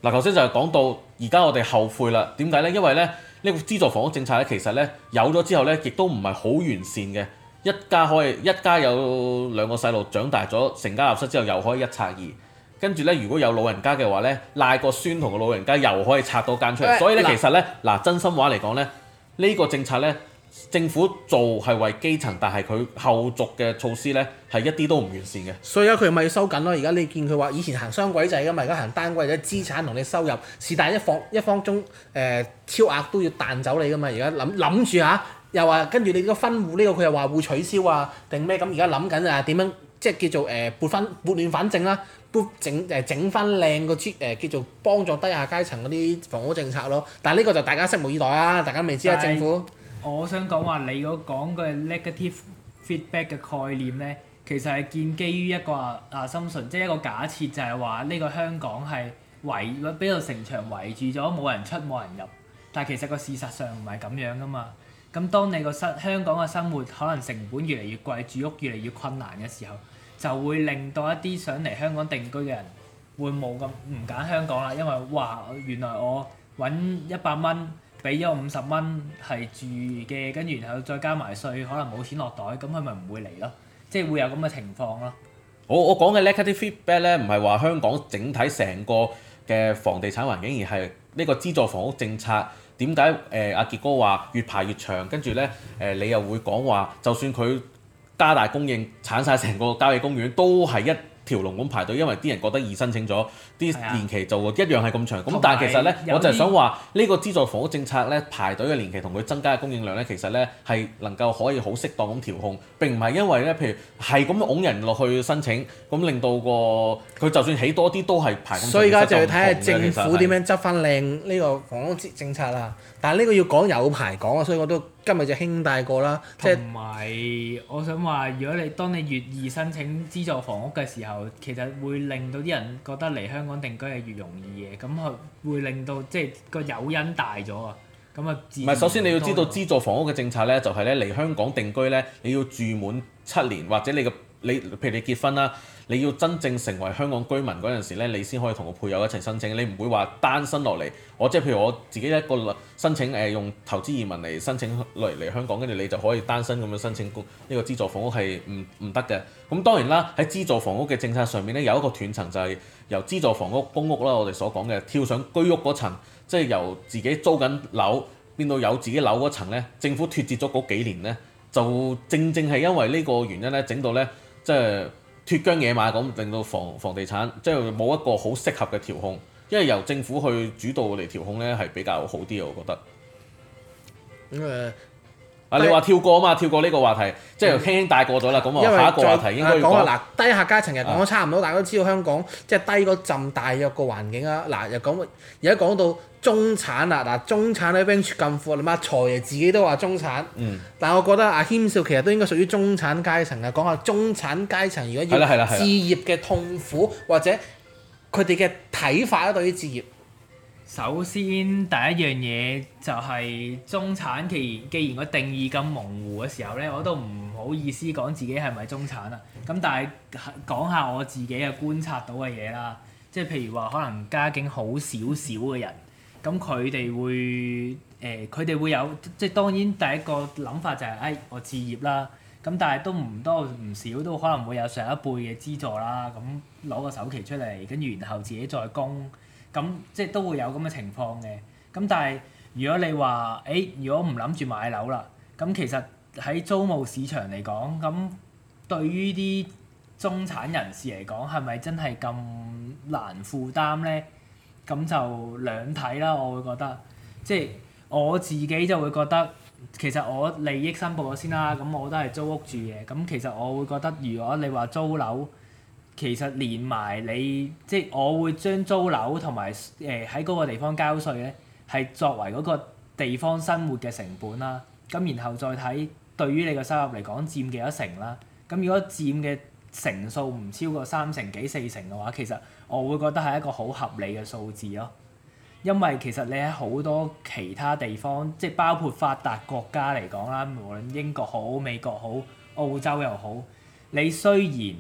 [SPEAKER 1] 嗱頭先就係講到而家我哋後悔啦。點解咧？因為咧呢、呢個資助房屋政策咧其實咧有咗之後咧亦都唔係好完善嘅。一家可以，一家有兩個細路長大咗，成家立室之後又可以一拆二。跟住呢，如果有老人家嘅話呢，賴個孫同個老人家又可以拆多間出嚟。欸、所以呢，其實呢，嗱、呃，真心話嚟講呢，呢、呢個政策呢，政府做係為基層，但係佢後續嘅措施呢，係一啲都唔完善嘅。所
[SPEAKER 2] 以而家佢咪要收緊咯？而家你見佢話以前行雙軌制嘅嘛，而家行單軌，即係資產同你收入，是但一方，一方中誒、呃、超額都要彈走你嘅嘛。而家諗諗住嚇。又話跟住你個分戶呢，這個，佢又話會取消啊，定咩咁？而家諗緊啊，點樣即係叫做誒、呃、撥翻撥亂反正啦，啊，撥整誒、呃、整翻靚個誒叫做幫助低下階層嗰啲房屋政策咯。但係呢個就大家拭目以待啊，大家未知啊是政府。
[SPEAKER 3] 我想講話你所講嘅 negative feedback 嘅概念咧，其實係建基於一個啊啊深信，即係一個假設，就係話呢個香港係圍個俾個城牆圍住咗，冇人出冇人，人入。但係其實個事實上唔係咁樣㗎嘛。咁當你個室香港嘅生活可能成本越嚟越貴，住屋越嚟越困難嘅時候，就會令到一啲想嚟香港定居嘅人會冇咁唔揀香港啦，因為哇原來我揾一百蚊俾咗五十蚊係住嘅，跟住然後再加埋稅，可能冇錢落袋，咁佢咪唔會嚟咯，即係會有咁嘅情況咯。
[SPEAKER 1] 我我講嘅 negative feedback 咧，唔係話香港整體成個嘅房地產環境，而係呢個資助房屋政策。點解誒阿杰哥話越排越長？跟住呢，誒、呃、你又會講話，就算佢加大供應，鏟晒成個郊野公園都係一條龍咁排隊，因為啲人覺得易申請咗，啲年期就會一樣係咁長，咁有但係其實呢，點我就係想話呢、呢個資助房屋政策呢，排隊嘅年期同佢增加嘅供應量呢，其實呢係能夠可以好適當咁調控，並唔係因為呢，譬如係咁拱人落去申請，咁令到個佢就算起多啲都係排。咁所以而家就要睇下政府點樣
[SPEAKER 2] 執翻靚呢個房屋政策啦。的但係呢個要講有排講，所以我都今日就輕帶過啦。即係同
[SPEAKER 3] 埋，就是、我想話，如果你當你願意申請資助房屋嘅時候，其實會令到啲人覺得嚟香港。香港定居係越容易嘅，咁佢會令到即係個誘因大咗啊。咁啊，唔係，首先你要知道資
[SPEAKER 1] 助房屋嘅政策咧，就係咧，嚟香港定居咧，你要住滿七年，或者你個你，譬如你結婚啦。你要真正成為香港居民嗰陣時咧，你先可以同個配偶一齊申請。你唔會話單身落嚟，我即係譬如我自己一個申請誒、呃、用投資移民嚟申請嚟嚟香港，跟住你就可以單身咁樣申請呢、呢個資助房屋係唔唔得嘅。咁、嗯、當然啦，喺資助房屋嘅政策上面咧，有一個斷層就係由資助房屋公屋啦，我哋所講嘅跳上居屋嗰層，即係由自己租緊樓變到有自己樓嗰層咧，政府脱節咗嗰幾年咧，就正正係因為呢個原因咧，整到咧即係。脱韁野馬咁，令到房房地產即係冇一個好適合嘅調控，因為由政府去主導嚟調控呢係比較好啲啊，我覺得。啊！你話跳過啊嘛，跳過呢個話題，即係又輕輕帶過咗啦。咁啊、嗯，因為再下一個話題應該要講下嗱，
[SPEAKER 2] 低下階層其實講得差唔多，大家都知道香港即係低個浸大約個環境啦。嗱，又講而家講到中產啦，嗱，中產咧 range 咁闊，你阿財爺自己都話中產。嗯、但我覺得阿謙少其實都應該屬於中產階層嘅，講下中產階層如果要置業嘅痛苦或者佢哋嘅睇法咧，對於置業。
[SPEAKER 3] 首先第一樣嘢就係中產，既然既然個定義咁模糊嘅時候咧，我都唔好意思講自己係咪中產啊。咁但係講下我自己嘅觀察到嘅嘢啦，即係譬如話可能家境好少少嘅人，咁佢哋會誒，佢哋會有即係當然第一個諗法就係誒，哎，我置業啦。咁但係都唔多唔少都可能會有上一輩嘅資助啦，咁攞個首期出嚟，跟住然後自己再供。咁即係都會有咁嘅情況嘅，咁但係如果你話，誒，如果唔諗住買樓啦，咁其實喺租務市場嚟講，咁對於啲中產人士嚟講，係咪真係咁難負擔咧？咁就兩睇啦，我會覺得，即係我自己就會覺得，其實我利益申報咗先啦，咁我都係租屋住嘅，咁其實我會覺得，如果你話租樓，其實連埋你，即我會將租樓同埋誒喺嗰個地方交稅咧，係作為嗰個地方生活嘅成本啦。咁然後再睇對於你嘅收入嚟講，佔幾多成啦？咁如果佔嘅成數唔超過三成幾四成嘅話，其實我會覺得係一個好合理嘅數字咯。因為其實你喺好多其他地方，即包括發達國家嚟講啦，無論英國好、美國好、澳洲又好，你雖然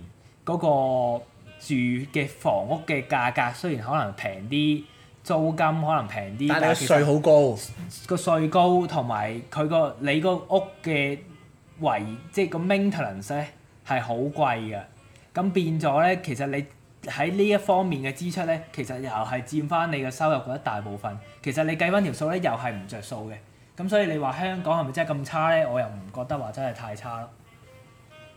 [SPEAKER 3] 嗰個住嘅房屋嘅價格雖然可能平啲，租金可能平啲，但係個稅好高，個稅高同埋佢個你個屋嘅維即係個 maintenance 咧係好貴嘅，咁變咗咧，其實你喺呢一方面嘅支出咧，其實又係佔翻你嘅收入嘅一大部分。其實你計翻條數咧，又係唔着數嘅。咁所以你話香港係咪真係咁差咧？我又唔覺得話真係太差咯。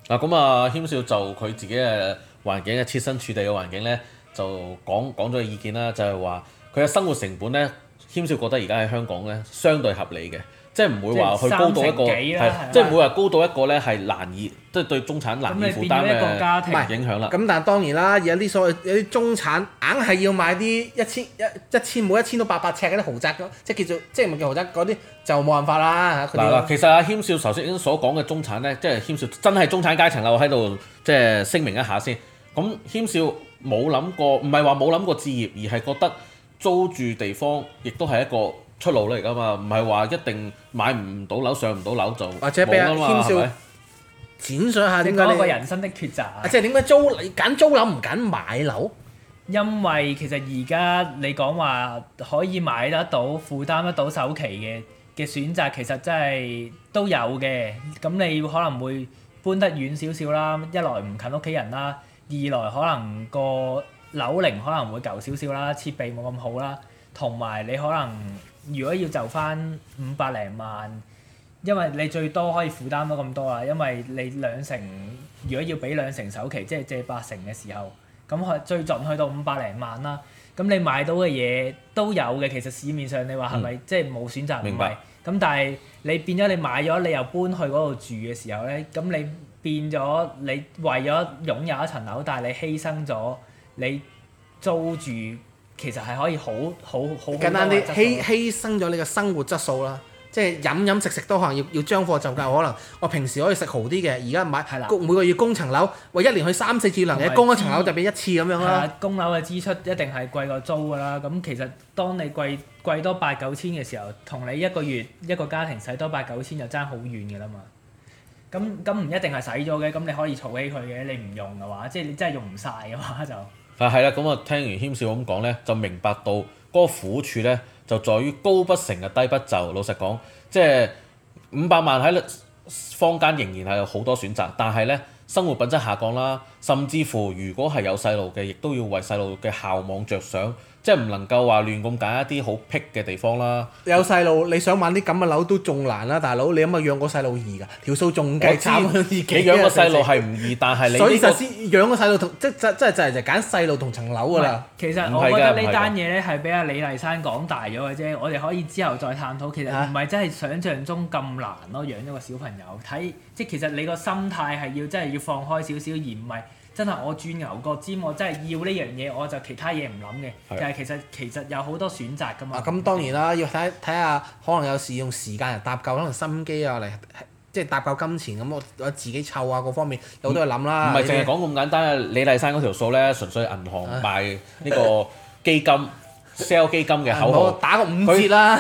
[SPEAKER 1] 嗱咁啊，謙少就佢自己嘅環境嘅設身處地嘅環境咧，就講講咗個意見啦，就係話佢嘅生活成本咧，謙少覺得而家喺香港咧，相對合理嘅。即係唔會話佢高到一個，即係唔會話高到一個咧係難以，即係對中產難以負擔嘅家庭影響啦。咁
[SPEAKER 2] 但係當然啦，有啲所謂有啲中產硬係要買啲一,一千一一千冇一千到八百尺嗰啲豪宅咁，即係叫做即係唔叫豪宅嗰啲就冇辦法啦。嗱，其
[SPEAKER 1] 實阿謙少頭先所講嘅中產咧，即係謙少真係中產階層啦，我喺度即係聲明一下先。咁謙少冇諗過，唔係話冇諗過置業，而係覺得租住地方亦都係一個。出路嚟噶嘛，唔係話一定買唔到樓上唔到樓就冇啊嘛，係咪？
[SPEAKER 2] 展想下點解呢個人生的抉擇啊？即係點解租緊
[SPEAKER 3] 租樓唔緊買樓？因為其實而家你講話可以買得到、負擔得到首期嘅嘅選擇，其實真係都有嘅。咁你可能會搬得遠少少啦，一來唔近屋企人啦，二來可能個樓齡可能會舊少少啦，設備冇咁好啦，同埋你可能。如果要就翻五百零萬，因為你最多可以負擔到咁多啦，因為你兩成，如果要俾兩成首期，即係借八成嘅時候，咁去最盡去到五百零萬啦。咁你買到嘅嘢都有嘅，其實市面上你話係咪即係冇選擇唔係？明白。咁但係你變咗你買咗，你又搬去嗰度住嘅時候咧，咁你變咗你為咗擁有一層樓，但係你犧
[SPEAKER 2] 牲咗你租住。其實係可以好好好簡單啲，犧犧牲咗你嘅生活質素啦。即係飲飲食食都可能要要將貨就價，可能我平時可以食好啲嘅，而家買的每個月供層樓，我一年去三四次樓嘅，有供一層樓就變一次咁樣啦。供樓嘅支出一定係
[SPEAKER 3] 貴過租㗎啦。咁其實當你貴貴多八九千嘅時候，同你一個月一個家庭使多八九千就爭好遠㗎啦嘛。咁咁唔一定係使咗嘅，咁你可以儲起佢嘅。你唔用嘅話，即係你真係用唔晒嘅話就。
[SPEAKER 1] 啊，係啦，咁啊，聽完軒少咁講咧，就明白到嗰個苦處咧，就在於高不成啊，低不就。老實講，即係五百萬喺坊間仍然係有好多選擇，但係咧，生活品質下降啦，甚至乎如果係有細路嘅，亦都要為細路嘅校網着想。即係唔能夠話亂咁揀一啲好僻嘅地方啦。
[SPEAKER 2] 有細路，你想買啲咁嘅樓都仲難啦，啊，大佬。你諗下養個細路易㗎，條數仲計。我插咗自己養個細路係唔易， 但係你、這個。所以就先養個細路同即即即係就係就揀細路同層樓㗎啦。其實我覺得呢單
[SPEAKER 3] 嘢咧係俾阿李麗珊講大咗嘅啫。我哋可以之後再探討。其實唔係真係想像中咁難咯，養一個小朋友。睇即係其實你個心態係要真係要放開少少，而唔係。真係我鑽牛角尖，我真係要呢樣嘢，我就其他嘢唔諗嘅。但係的其實其實有好多選擇噶嘛。
[SPEAKER 2] 咁、嗯啊、當然啦，要睇睇下，可能有時用時間嚟搭救，可能心機啊嚟，即係搭救金錢咁，我我自己湊啊各方面，嗯、有好多嘢諗啦。唔係淨係講
[SPEAKER 1] 咁簡單啊！呢李麗珊嗰條數咧，純粹銀行賣呢個基金，sell 基金嘅口號， 打
[SPEAKER 2] 個五折
[SPEAKER 1] 啦。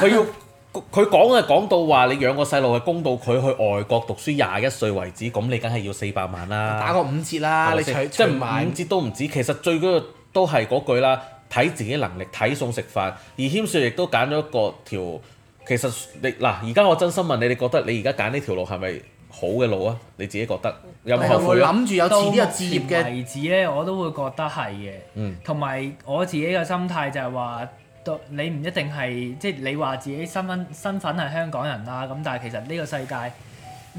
[SPEAKER 1] 佢講啊，講到話你養個細路係供到佢去外國讀書廿一歲為止，咁你梗係要四百萬啦，打個
[SPEAKER 2] 五折啦，時隨即係五
[SPEAKER 1] 折都唔止。隨止其實最主要都係嗰句啦，睇自己能力，睇餸食飯。而謙説亦都揀咗一個條，其實你嗱，而家我真心問你，你覺得你而家揀呢條路係咪好嘅路啊？你自己覺得有冇後悔？諗
[SPEAKER 3] 住有，有，有遲啲就置業嘅為子咧，我都會覺得係嘅。同埋、嗯、我自己嘅心態就係話。你唔一定係，即係你話自己身份身份係香港人啦，咁但係其實呢個世界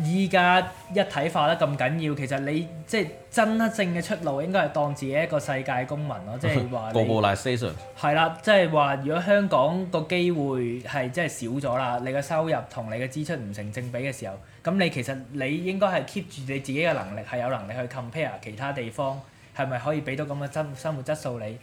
[SPEAKER 3] 依家一體化得咁緊要，其實你即係真正嘅出路應該係當自己一個世界公民咯，即係話個個 nation 係啦，即係話如果香港個機會係真係少咗啦，你嘅收入同你嘅支出唔成正比嘅時候，咁你其實你應該係 keep 住你自己嘅能力係有能力去 compare 其他地方，係咪可以俾到咁嘅質生活質素你？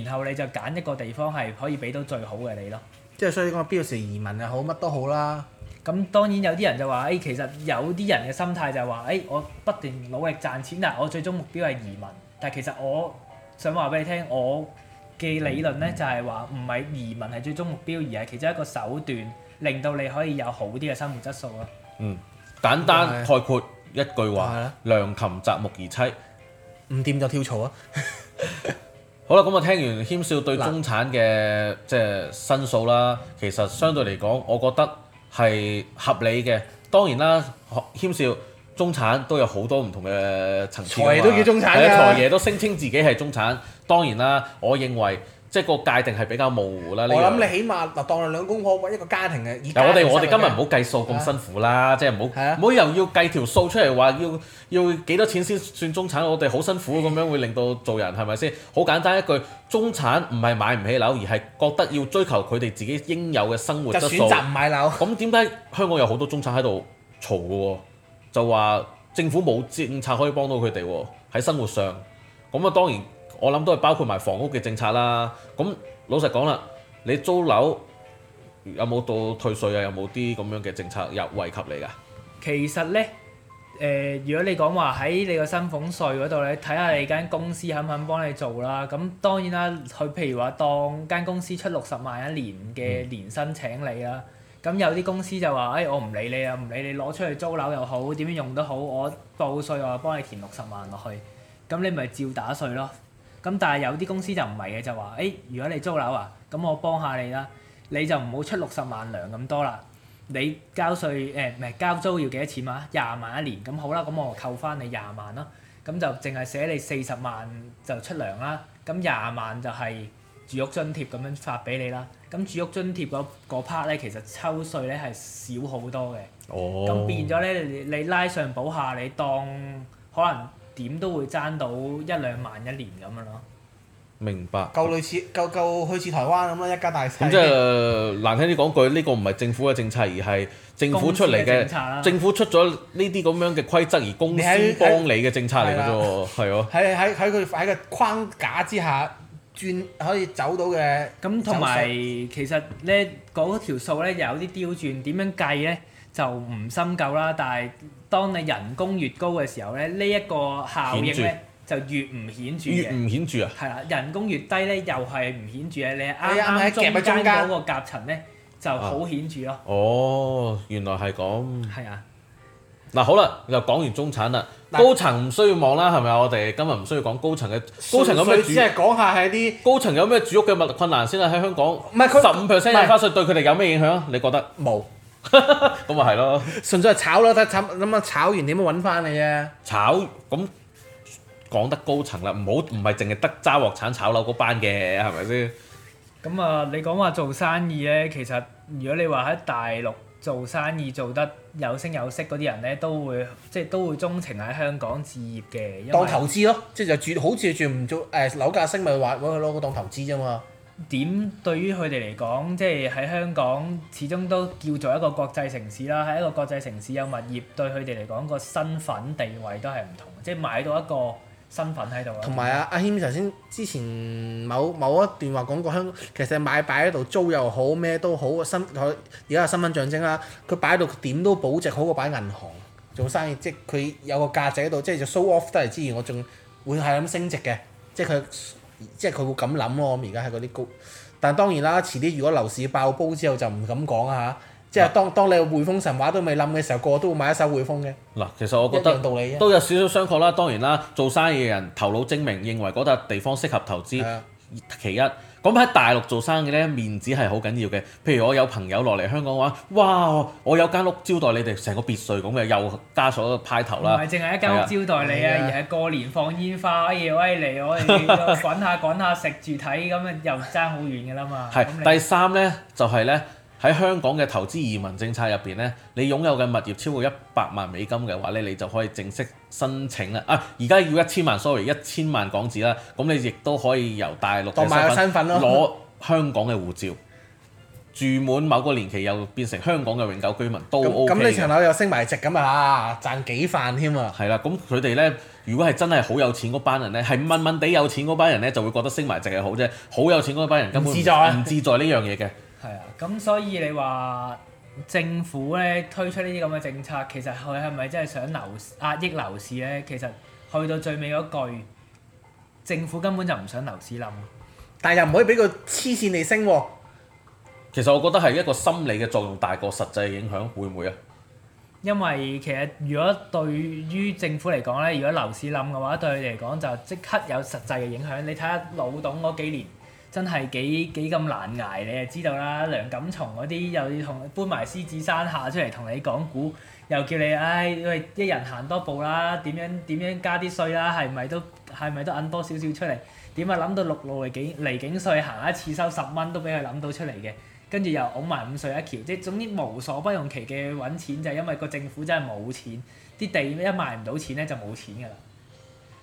[SPEAKER 3] 然後你就揀一個地方係可以俾到最好嘅你咯。即係所以講，標示移民又好，乜都好啦。咁當然有啲人就話：誒、欸，其實有啲人嘅心態就係話：誒、欸，我不斷努力賺錢，但係我最終目標係移民。但係其實我想話俾你聽，我嘅理論呢、嗯、就係話，唔係移民係最終目標，而係其中一個手段，令到你可以有好啲嘅生活質素咯。嗯，
[SPEAKER 1] 簡單概括、就是、一句話：良禽擇木而棲。
[SPEAKER 2] 唔掂就跳槽啊！
[SPEAKER 1] 好啦，咁、嗯、我聽完謙少對中產嘅即係申訴啦，其實相對嚟講，嗯、我覺得係合理嘅。當然啦，謙少中產都有好多唔同嘅層次，財爺都叫中產㗎，啦財爺都聲稱自己係中產。當然啦，我認為。即係個界定係比較模糊啦。你諗你起
[SPEAKER 2] 碼嗱，當係兩公婆一個家庭嘅。嗱，我哋我哋今日唔好
[SPEAKER 1] 計數咁辛苦啦，啊、即係唔好唔好又要計條數出嚟話要要幾多錢先算中產，我哋好辛苦咁樣會令到做人係咪先？好簡單一句，中產唔係買唔起樓，而係覺得要追求佢哋自己應有嘅生活質素。就選擇唔買樓。咁點解香港有好多中產喺度嘈嘅？就話政府冇政策可以幫到佢哋喺生活上。咁啊當然。我諗都係包括埋房屋嘅政策啦。咁老實講啦，你租樓有冇到退稅啊？有冇啲咁樣嘅政策入惠及你㗎？其實
[SPEAKER 3] 咧，誒、呃，如果你講話喺你個薪俸稅嗰度咧，睇下你間公司肯唔肯幫你做啦。咁當然啦，佢譬如話當間公司出六十萬一年嘅年薪請你啦。咁有啲公司就話：誒、哎，我唔理你啊，唔理你攞出去租樓又好，點樣用都好，我報稅我幫你填六十萬落去。咁你咪照打稅咯。咁但係有啲公司就唔係嘅，就話：誒、欸，如果你租樓啊，咁我幫下你啦，你就唔好出六十萬糧咁多啦。你交稅誒，唔係交租要幾多錢嘛、啊？廿萬一年，咁好啦，咁我扣翻你廿萬啦。咁就淨係寫你四十萬就出糧啦。咁廿萬就係住屋津貼咁樣發俾你啦。咁住屋津貼嗰個 part 咧，其實抽稅咧係少好多嘅。哦。
[SPEAKER 1] 咁變
[SPEAKER 3] 咗咧，你拉上補下，你當可能。點都會爭到一兩萬一年
[SPEAKER 2] 咁樣咯。
[SPEAKER 1] 明白。夠
[SPEAKER 2] 類似，夠夠去似台灣咁咯，一家大細。咁即係
[SPEAKER 1] 難聽啲講句，呢個唔係政府嘅政策，而係政府出嚟嘅，政策啊、政府出咗呢啲咁樣嘅規則，而公司幫你嘅政策嚟嘅啫喎，係哦是。
[SPEAKER 2] 喺喺喺佢喺個框架之下。轉可以走到嘅咁，同埋其實
[SPEAKER 3] 咧嗰條數咧有啲刁鑽，點樣計咧就唔深究啦。但係當你人工越高嘅時候咧，呢一個效應咧就越唔顯著，越唔顯著啊！係啊，人工越低咧又係唔顯著啊！你啱啱喺鏡嘅中間嗰個夾層咧就好顯著咯、
[SPEAKER 1] 啊。哦，原來係咁。係啊。嗱、啊、好啦，又講完中產啦，但高層唔需要望啦，係咪我哋今日唔需要講高層嘅高層咁嘅，只係講下喺啲高層有咩住屋嘅物力困難先啦、啊，喺香港十五 percent 印花稅對佢哋有咩影響、啊？你覺得冇咁咪係咯？純粹係炒樓，睇炒諗下炒完點樣揾翻你啫。炒咁講得高層啦，唔好唔係淨係得揸鑊鏟炒樓嗰班嘅，係咪先？
[SPEAKER 3] 咁啊、 嗯，你講話做生意咧，其實如果你話喺大陸做生意做得，有聲有色嗰啲人咧，都會即係都會鍾
[SPEAKER 2] 情喺香港置業嘅。當投資咯，即係就住，好似住唔做誒樓價升咪話嗰佢攞個當投資啫嘛。點對於佢哋嚟講，即係
[SPEAKER 3] 喺香港始終都叫做一個國際城市啦。喺一個國際城市有物業，對佢哋嚟講個身份地位都係唔同，即係買到一個。身份喺度同埋阿阿
[SPEAKER 2] 謙頭先之前某某一段話講過，香其實買擺喺度租又好咩都好，身佢而家身份象徵啦，佢擺喺度點都保值好過擺銀行，做生意即係佢有個價值喺度，即係 show off 得嚟之餘，我仲會係咁升值嘅，即係佢即係佢會咁諗咯。我哋而家喺嗰啲高，但係當然啦，遲啲如果樓市爆煲之後就唔敢講啊。哈即係當當你匯豐神話都未冧嘅時候，個個都會買一手匯豐嘅。
[SPEAKER 1] 嗱，其實我覺得道理都有少少商榷啦。當然啦，做生意嘅人頭腦精明，認為嗰笪地方適合投資。的其一，噉喺大陸做生意呢，面子係好緊要嘅。譬如我有朋友落嚟香港嘅話，哇，我有間屋招待你哋，成個別墅咁嘅，又加咗個派頭啦。唔係，淨係一間屋招待你啊，的而係
[SPEAKER 3] 過年放煙花，夜威嚟，我哋滾下滾下食住睇咁啊， 樣又爭好遠嘅啦嘛。係第
[SPEAKER 1] 三呢，就係、係、呢。喺香港嘅投資移民政策入邊咧，你擁有嘅物業超過一百萬美金嘅話咧，你就可以正式申請啦。啊，而家要一千萬，sorry，一千萬港紙啦。咁你亦都可以由大陸身份攞、啊、香港嘅護照，住滿某個年期又變成香港嘅永久居民都 O K 嘅。咁你層
[SPEAKER 2] 樓又升埋值咁啊，
[SPEAKER 1] 賺幾萬添啊！係啦，咁佢哋呢，如果係真係好有錢嗰班人呢，係蚊蚊哋有錢嗰班人呢，就會覺得升埋值係好啫。好有錢嗰班人根本唔自在呢樣嘢嘅。
[SPEAKER 3] 係啊，咁所以你話政府咧推出呢啲咁嘅政策，其實佢係咪真係想樓壓抑樓市咧？其實去到最尾嗰句，政府根本就唔想樓市冧，
[SPEAKER 2] 但又唔可以俾個黐線地升喎。其
[SPEAKER 1] 實我覺得係一個心理嘅作用大過實際嘅影響，會唔會啊？
[SPEAKER 3] 因為其實如果對於政府嚟講咧，如果樓市冧嘅話，對佢嚟講就即刻有實際嘅影響。你睇下老董嗰幾年。真係幾幾咁難捱，你就知道啦。梁錦松嗰啲又要同搬埋獅子山下出嚟同你講古，又叫你唉喂，哎，一人行多步啦，點樣點樣加啲稅啦，係咪都係咪都摁多少少出嚟？點啊諗到陸路離境離境稅行一次收十蚊都俾佢諗到出嚟嘅，跟住又拱埋五稅一橋，即係總之無所不用其極揾錢，就係、是、因為個政府真係冇錢，啲地一賣唔到錢咧就冇錢㗎啦。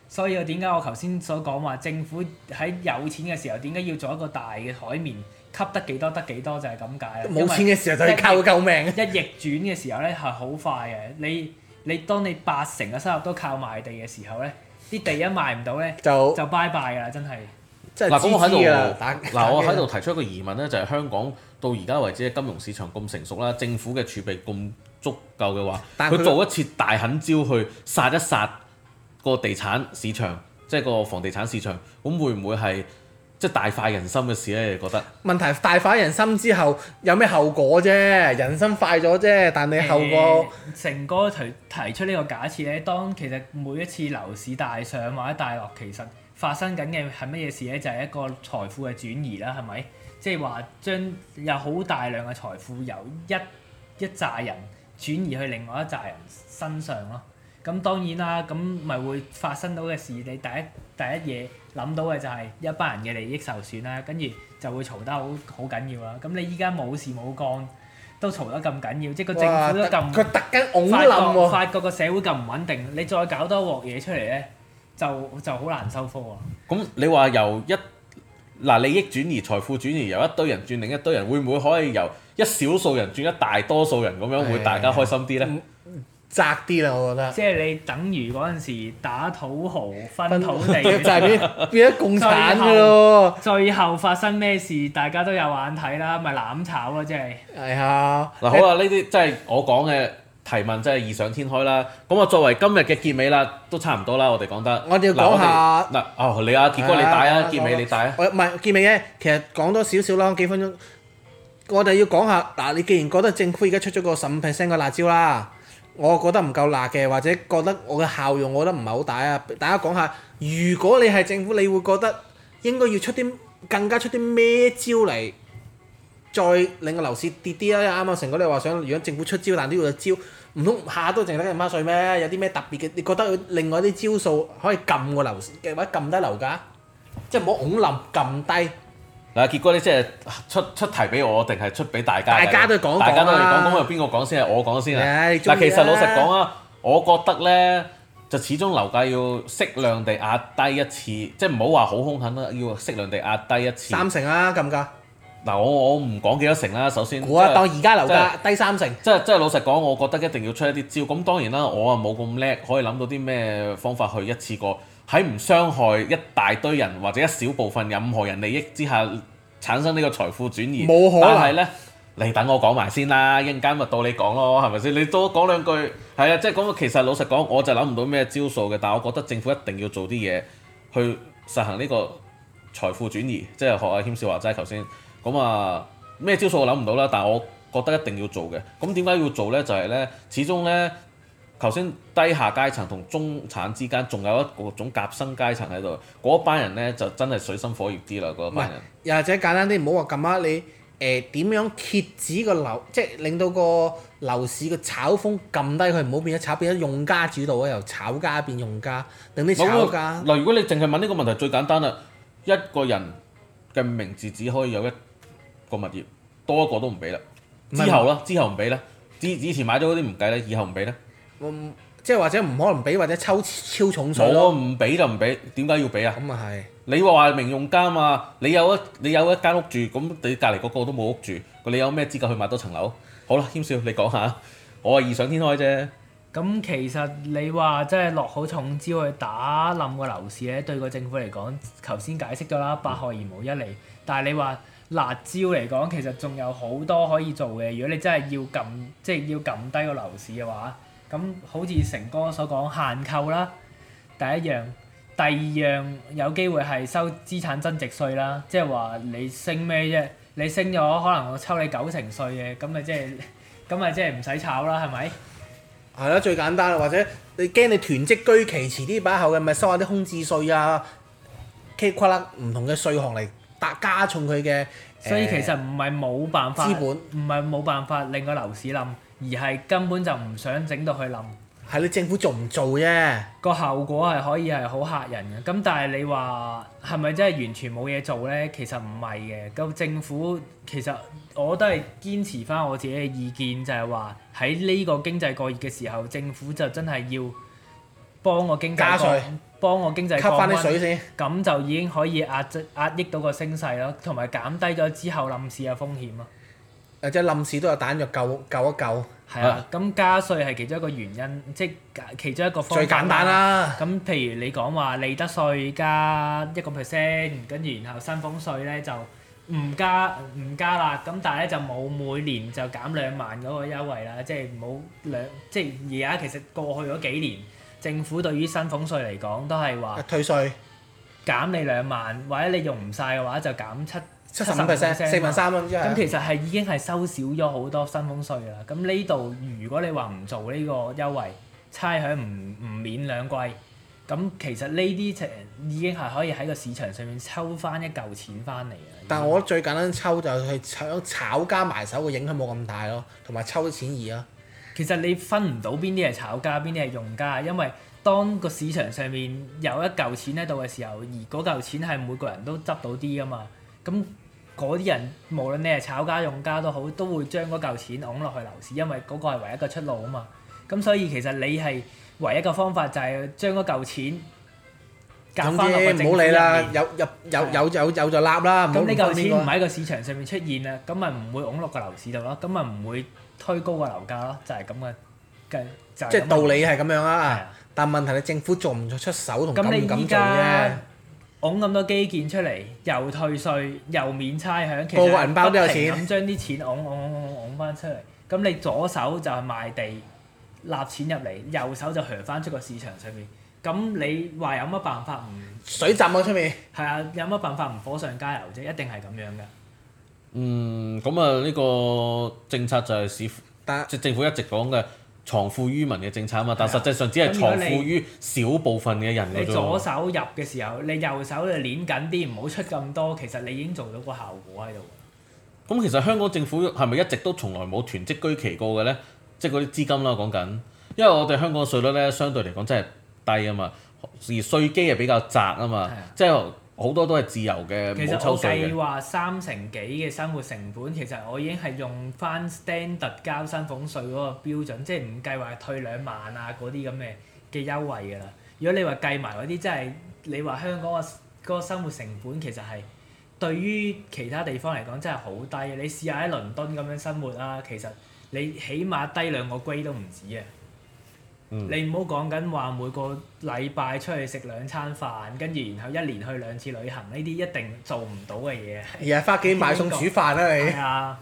[SPEAKER 3] 所以我點解我頭先所講話政府喺有錢嘅時候，點解要做一個大嘅海綿，吸得幾多得幾多，就係咁解。冇錢嘅時候就靠救命一。 一逆轉嘅時候咧係好快嘅，你你當你八成嘅收入都靠賣地嘅時候咧，啲地一賣唔到咧就就，就拜拜㗎啦，真係。嗱咁我喺度嗱我喺度提
[SPEAKER 1] 出一個疑問咧，就係香港到而家為止嘅金融市場咁成熟啦，政府嘅儲備咁足夠嘅話，佢但他 做一次大狠招去殺一殺。個地產市場，即係個房地產市場，咁會唔會係即係大快人心嘅事呢？你覺得？
[SPEAKER 2] 問題大快人心之後有咩後果啫？人心快咗啫，但你後果、
[SPEAKER 3] 呃……成哥提提出呢個假設呢，當其實每一次樓市大上或者大落，其實發生緊嘅係乜嘢事呢？就係、是、一個財富嘅轉移啦，係咪？即係話將有好大量嘅財富由一一紮人轉移去另外一紮人身上咯。咁當然啦，咁咪會發生到嘅事，你第一第一嘢諗到嘅就係一班人嘅利益受損啦，跟住就會嘈得好好緊要啦。咁你依家冇事冇幹，都嘈得咁緊要，即係個政府都咁，佢突然戇竇喎，法國個社會咁唔穩定，你再搞多鑊嘢出嚟咧，就就好難收科啊。
[SPEAKER 1] 咁你話由一嗱利益轉移、財富轉移由一堆人轉另一堆人，會唔會可以由一少數人轉一大多數人咁樣會大家開心啲咧？窄啲
[SPEAKER 3] 啦，我覺得。即係你等於嗰陣時打土豪分土地。就
[SPEAKER 2] 係變變咗共產㗎咯。
[SPEAKER 3] 最後發生咩事，大家都有眼睇啦，咪攬炒咯，即係。
[SPEAKER 1] 係啊。嗱好啊，呢啲即係我講嘅提問，真係異想天開啦。咁啊，作為今日嘅結尾啦，都差唔多啦，我哋講得。我哋要講下嗱，哦，你啊，傑哥你帶啊，結尾你帶
[SPEAKER 2] 啊。唔係結尾嘅，其實講多少少啦，幾分鐘。我哋要講下嗱，你既然覺得政府而家出咗個十五 percent 嘅辣椒啦。我覺得唔夠辣嘅，或者覺得我嘅效用，我覺得唔係好大啊！大家講下，如果你係政府，你會覺得應該要出啲更加出啲咩招嚟，再令個樓市跌啲啊！啱啱成個你話想，如果政府出招，但都要有招，唔通下下都淨得印花稅咩？有啲咩特別嘅？你覺得另外啲招數可以撳個樓，或者撳低樓價，即係唔好恐冧撳低。
[SPEAKER 1] 嗱，結果你即係出出題俾我，定係出俾大家？大家都講,講，大家都嚟講咁由邊個講、啊、先講？我先講先啊！嗱，其實老實講啊，我覺得咧就始終樓價要適量地壓低一次，即係唔好話好兇狠啦，要適量地壓低一次。三成啊，撳價！嗱，我我唔講幾多成啦、啊，首先。我、啊即係、當而家樓價、即係、低三成，即係即係老實講，我覺得一定要出一啲招。咁當然啦，我啊冇咁叻，可以諗到啲咩方法去一次過。喺唔傷害一大堆人或者一小部分任何人利益之下產生呢個財富轉移，冇可能。但係呢，你等我講埋先啦，一陣間咪到你講咯，係咪先？你多講兩句，係啊，即係講其實老實講，我就諗唔到咩招數嘅，但係我覺得政府一定要做啲嘢去實行呢個財富轉移，即係學阿謙少華仔頭先。咁啊，咩招數我諗唔到啦，但係我覺得一定要做嘅。咁點解要做呢？就係呢，始終呢。頭先低下階層同中產之間，仲有一個種夾生階層喺度。嗰班人呢，就真係水深火熱啲啦。嗰班人
[SPEAKER 2] 又或者簡單啲，唔好話咁啊！你誒呃點樣遏止個樓，即係令到個樓市個炒風撳低佢，唔好變咗炒變咗用家主導啊！由炒家變用家，等啲炒家
[SPEAKER 1] 嗱。如果你淨係問呢個問題，最簡單啦，一個人嘅名字只可以有一個物業，多一個都唔俾啦。之後啦，之後唔俾啦。之以前買咗嗰啲唔計啦，以後唔俾啦。
[SPEAKER 2] 嗯，即係或者唔可能俾，或者抽超重稅咯。我唔
[SPEAKER 1] 俾就唔俾，點解要俾啊？咁啊係。你話話明用家啊，你有一你有一間屋住，咁你隔籬嗰個都冇屋住，你有咩資格去買多層樓？好啦，謙少你講下，我係異想天開啫。咁其
[SPEAKER 3] 實你話即係落好重招去打冧個樓市咧，對個政府嚟講，頭先解釋咗啦，百害而無一利。但係你話辣椒嚟講，其實仲有好多可以做嘅。如果你真係要撳，即係要撳低個樓市嘅話，咁、嗯、好似成哥所講，限購啦，第一樣，第二樣有機會係收資產增值稅啦，即係話你升咩啫？你升咗，可能我抽你九
[SPEAKER 2] 成稅嘅，咁咪即係，咁咪即係唔使炒啦，係咪？係咯，最簡單或者你驚你囤積居奇，遲啲擺口嘅，咪收下啲空置稅啊，K 跨啦，唔同嘅稅項嚟搭加重佢嘅。呃、所以其實唔係冇辦法，資
[SPEAKER 3] 本，唔係冇辦法令個樓市冧。而係根本就唔想整到佢冧，
[SPEAKER 2] 係你政府做唔做
[SPEAKER 3] 啫？個效果係可以係好嚇人嘅。咁但係你話係咪真係完全冇嘢做咧？其實唔係嘅。咁政府其實我都係堅持翻我自己嘅意見，就係話喺呢個經濟過熱嘅時候，政府就真係要幫我經濟降溫，加水，幫我經濟吸翻啲水先。咁就已經可以壓壓抑到個升勢咯，同埋減低咗之後冧市嘅風險咯。
[SPEAKER 2] 誒即係臨時都有
[SPEAKER 3] 彈藥救救一救。係的啊，咁加稅係其中一個原因，即係其中一個方法。最簡單啦。咁譬如你講話利得稅加一個 percent，跟住然後薪俸稅咧就唔加唔加啦，咁但係咧就冇每年就減兩萬嗰個優惠啦，即係冇兩即係而家其實過去嗰幾年政府對於薪俸稅嚟講都係話。退稅。減你兩萬，或者你用唔晒嘅話就減七。七十五 percent，四分三蚊、啊嗯。咁其實係已經係收少咗好多薪俸稅啦。咁呢度如果你話唔做呢個優惠，差餉唔唔免兩季。咁、嗯、其實呢啲就已經係可以喺個市場
[SPEAKER 2] 上面抽翻一嚿錢翻嚟啦。但我覺得最簡單抽就係去搶炒家埋手嘅影響冇咁大咯，同埋抽啲錢易咯、啊。其實你分唔到邊啲係炒家，邊啲係
[SPEAKER 3] 用家，因為當個市場上面有一嚿錢喺度嘅時候，而嗰嚿錢係每個人都執到啲㗎嘛，咁、嗯。嗰啲人無論你係炒家用家都好，都會將嗰嚿錢㧬落去樓市，因為嗰個係唯一嘅出路啊嘛。咁所以其實你係唯一嘅方法就係將嗰嚿錢，
[SPEAKER 2] 總之唔好理啦，有入有有有有就笠啦。咁呢嚿錢唔喺
[SPEAKER 3] 個市場上面出現啊，咁咪唔會㧬落個樓市度咯，咁咪唔會推高個樓價咯，就係咁嘅，就係、即係道理係咁
[SPEAKER 2] 樣啦。的但問題你政府做唔出手同敢的你敢做啫？
[SPEAKER 3] 拱咁多基建出嚟，又退稅，又免差餉，其實不停咁將啲錢拱拱拱拱拱翻出嚟。咁你左手就係賣地納錢入嚟，右手就 share 翻出個市場上面。咁你話有乜辦法唔？水浸到出面。係啊，有乜辦法唔火上加油啫？一定係咁樣嘅。嗯，
[SPEAKER 1] 咁啊，呢個政策就係市行政府一直講嘅。藏富於民嘅政策啊嘛，但實際上只係藏富於少部分嘅人，你，你左
[SPEAKER 3] 手入嘅時候，你右手就捏緊啲，唔好出咁多，其實你已經做到個效果喺度。
[SPEAKER 1] 咁、嗯、其實香港政府係咪一直都從來冇囤積居奇過嘅咧？即係嗰啲資金啦，講緊，因為我哋香港嘅稅率咧，相對嚟講真係低啊嘛，而稅基係比較窄啊嘛，嗯、即係。好多都係自由嘅，其實我計劃
[SPEAKER 3] 三成幾嘅生活成本，其實我已經係用翻 standard 交薪俸稅嗰個標準，即係唔計劃退兩萬啊嗰啲咁嘅嘅優惠㗎啦。如果你話計埋嗰啲，真係你話香港個嗰個生活成本，其實係對於其他地方嚟講真係好低。你試下喺倫敦咁樣生活啊，其實你起碼低兩個龜都唔止啊！嗯、你唔好講緊話每個禮拜出去食兩餐飯，跟住然後一年去兩次旅行，呢啲一定做唔到嘅嘢啊！而係翻屋企買餸煮飯啦，你係啊，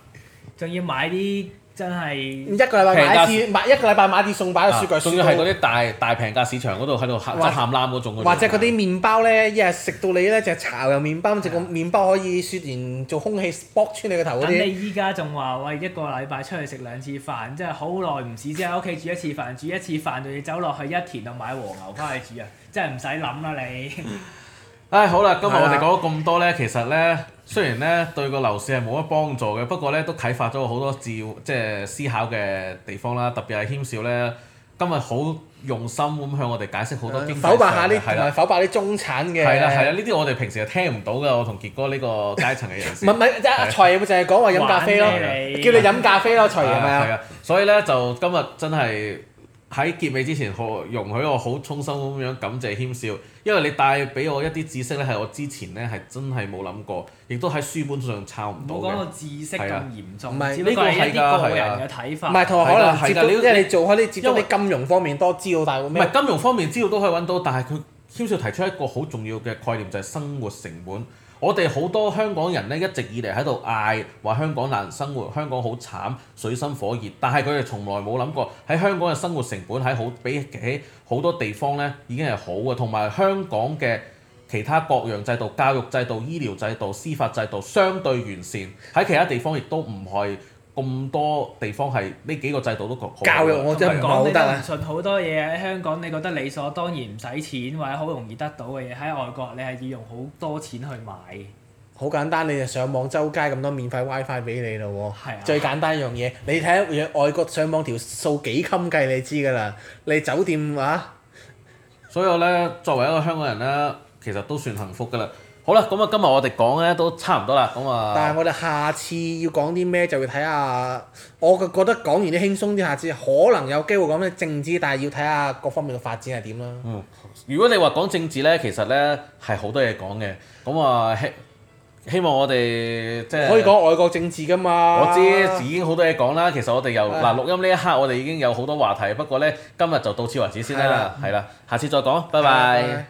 [SPEAKER 3] 仲
[SPEAKER 2] 要買啲。真係一個禮拜買一次買一個禮拜買啲餸，擺喺雪櫃。仲要係嗰啲
[SPEAKER 1] 大大平價市場嗰度喺度喊喊攬嗰種。或者嗰
[SPEAKER 2] 啲麵包咧，一係食到你咧就巢、是、入麵包，直個是的 麵包可以雪完做空氣剝穿你個頭，咁你依家仲話
[SPEAKER 3] 喂，一個禮拜出去食兩次飯，即係好耐唔止先喺屋企煮一次飯，煮一次飯就要走落去一田度買和牛翻去煮啊！ 真係唔使諗啦你。
[SPEAKER 1] 唉，好啦，今日我哋講咗咁多咧，其實咧。 雖然咧對個樓市係冇乜幫助嘅，不過咧都啟發咗好多字即係思考嘅地方啦。特別係謙少咧今日好用心咁向我哋解釋好多經濟嘅係啦，辦下的
[SPEAKER 2] 否白啲中產嘅係啦係啦，
[SPEAKER 1] 呢啲我哋平時係聽唔到嘅。我同傑哥呢個階層嘅人唔係唔係即係阿財
[SPEAKER 2] 會淨係講話飲咖啡咯，你叫你飲咖啡咯，財爺係咪啊？
[SPEAKER 1] 所以咧就今日真係。喺結尾之前，可容許我好衷心咁樣感謝謙少，因為你帶俾我一啲知識咧，係我之前咧係真係冇諗過，亦都喺書本上抄唔到嘅。唔好講到知識咁嚴重，只不過係一啲個人嘅睇法。唔係、啊，同埋、啊、可能接、啊啊、你因為你做開啲接觸啲
[SPEAKER 2] 金融方面多，知道為但會唔係金
[SPEAKER 1] 融方面知道都可以揾到，但係佢謙少提出一個好重要嘅概念，就係、是、生活成本。我哋好多香港人呢，一直以嚟喺度嗌，話香港難生活，香港好慘，水深火熱。但係佢哋從來冇諗過喺香港嘅生活成本喺好比喺好多地方呢已經係好嘅，同埋香港嘅其他各樣制度、教育制度、醫療制度、司法制度相對完善，喺其他地方亦都唔係。咁多地方係呢幾個制度都好好教育我真係唔係好得啊！唔
[SPEAKER 3] 信，好多嘢喺香港，你覺得理所當然唔使錢或者好容易得到嘅嘢，喺外國你係要用好多
[SPEAKER 2] 錢去買。好簡單，你就上網周街咁多免費 WiFi 俾你咯喎！啊、最簡單一樣嘢，你睇下外國上網條數幾襟計，你知㗎啦。你酒店啊？
[SPEAKER 1] 所以我咧作為一個香港人咧，其實都算幸福㗎啦。好啦，咁啊，今日我哋講咧都差唔多啦，咁、嗯、啊，但係
[SPEAKER 2] 我哋下次要講啲咩就要睇下，我覺得講完啲輕鬆啲，下次可能有機會講咩政治，但係要睇下各方面嘅發展係點啦。嗯，
[SPEAKER 1] 如果你話講政治咧，其實咧係好多嘢講嘅，咁啊希希望我哋即係可以講
[SPEAKER 2] 外國政治㗎嘛。我知已
[SPEAKER 1] 經好多嘢講啦，其實我哋又，嗱的錄音呢一刻，我哋已經有好多話題，不過咧今日就到此為止先啦，係啦的，下次再講，拜拜。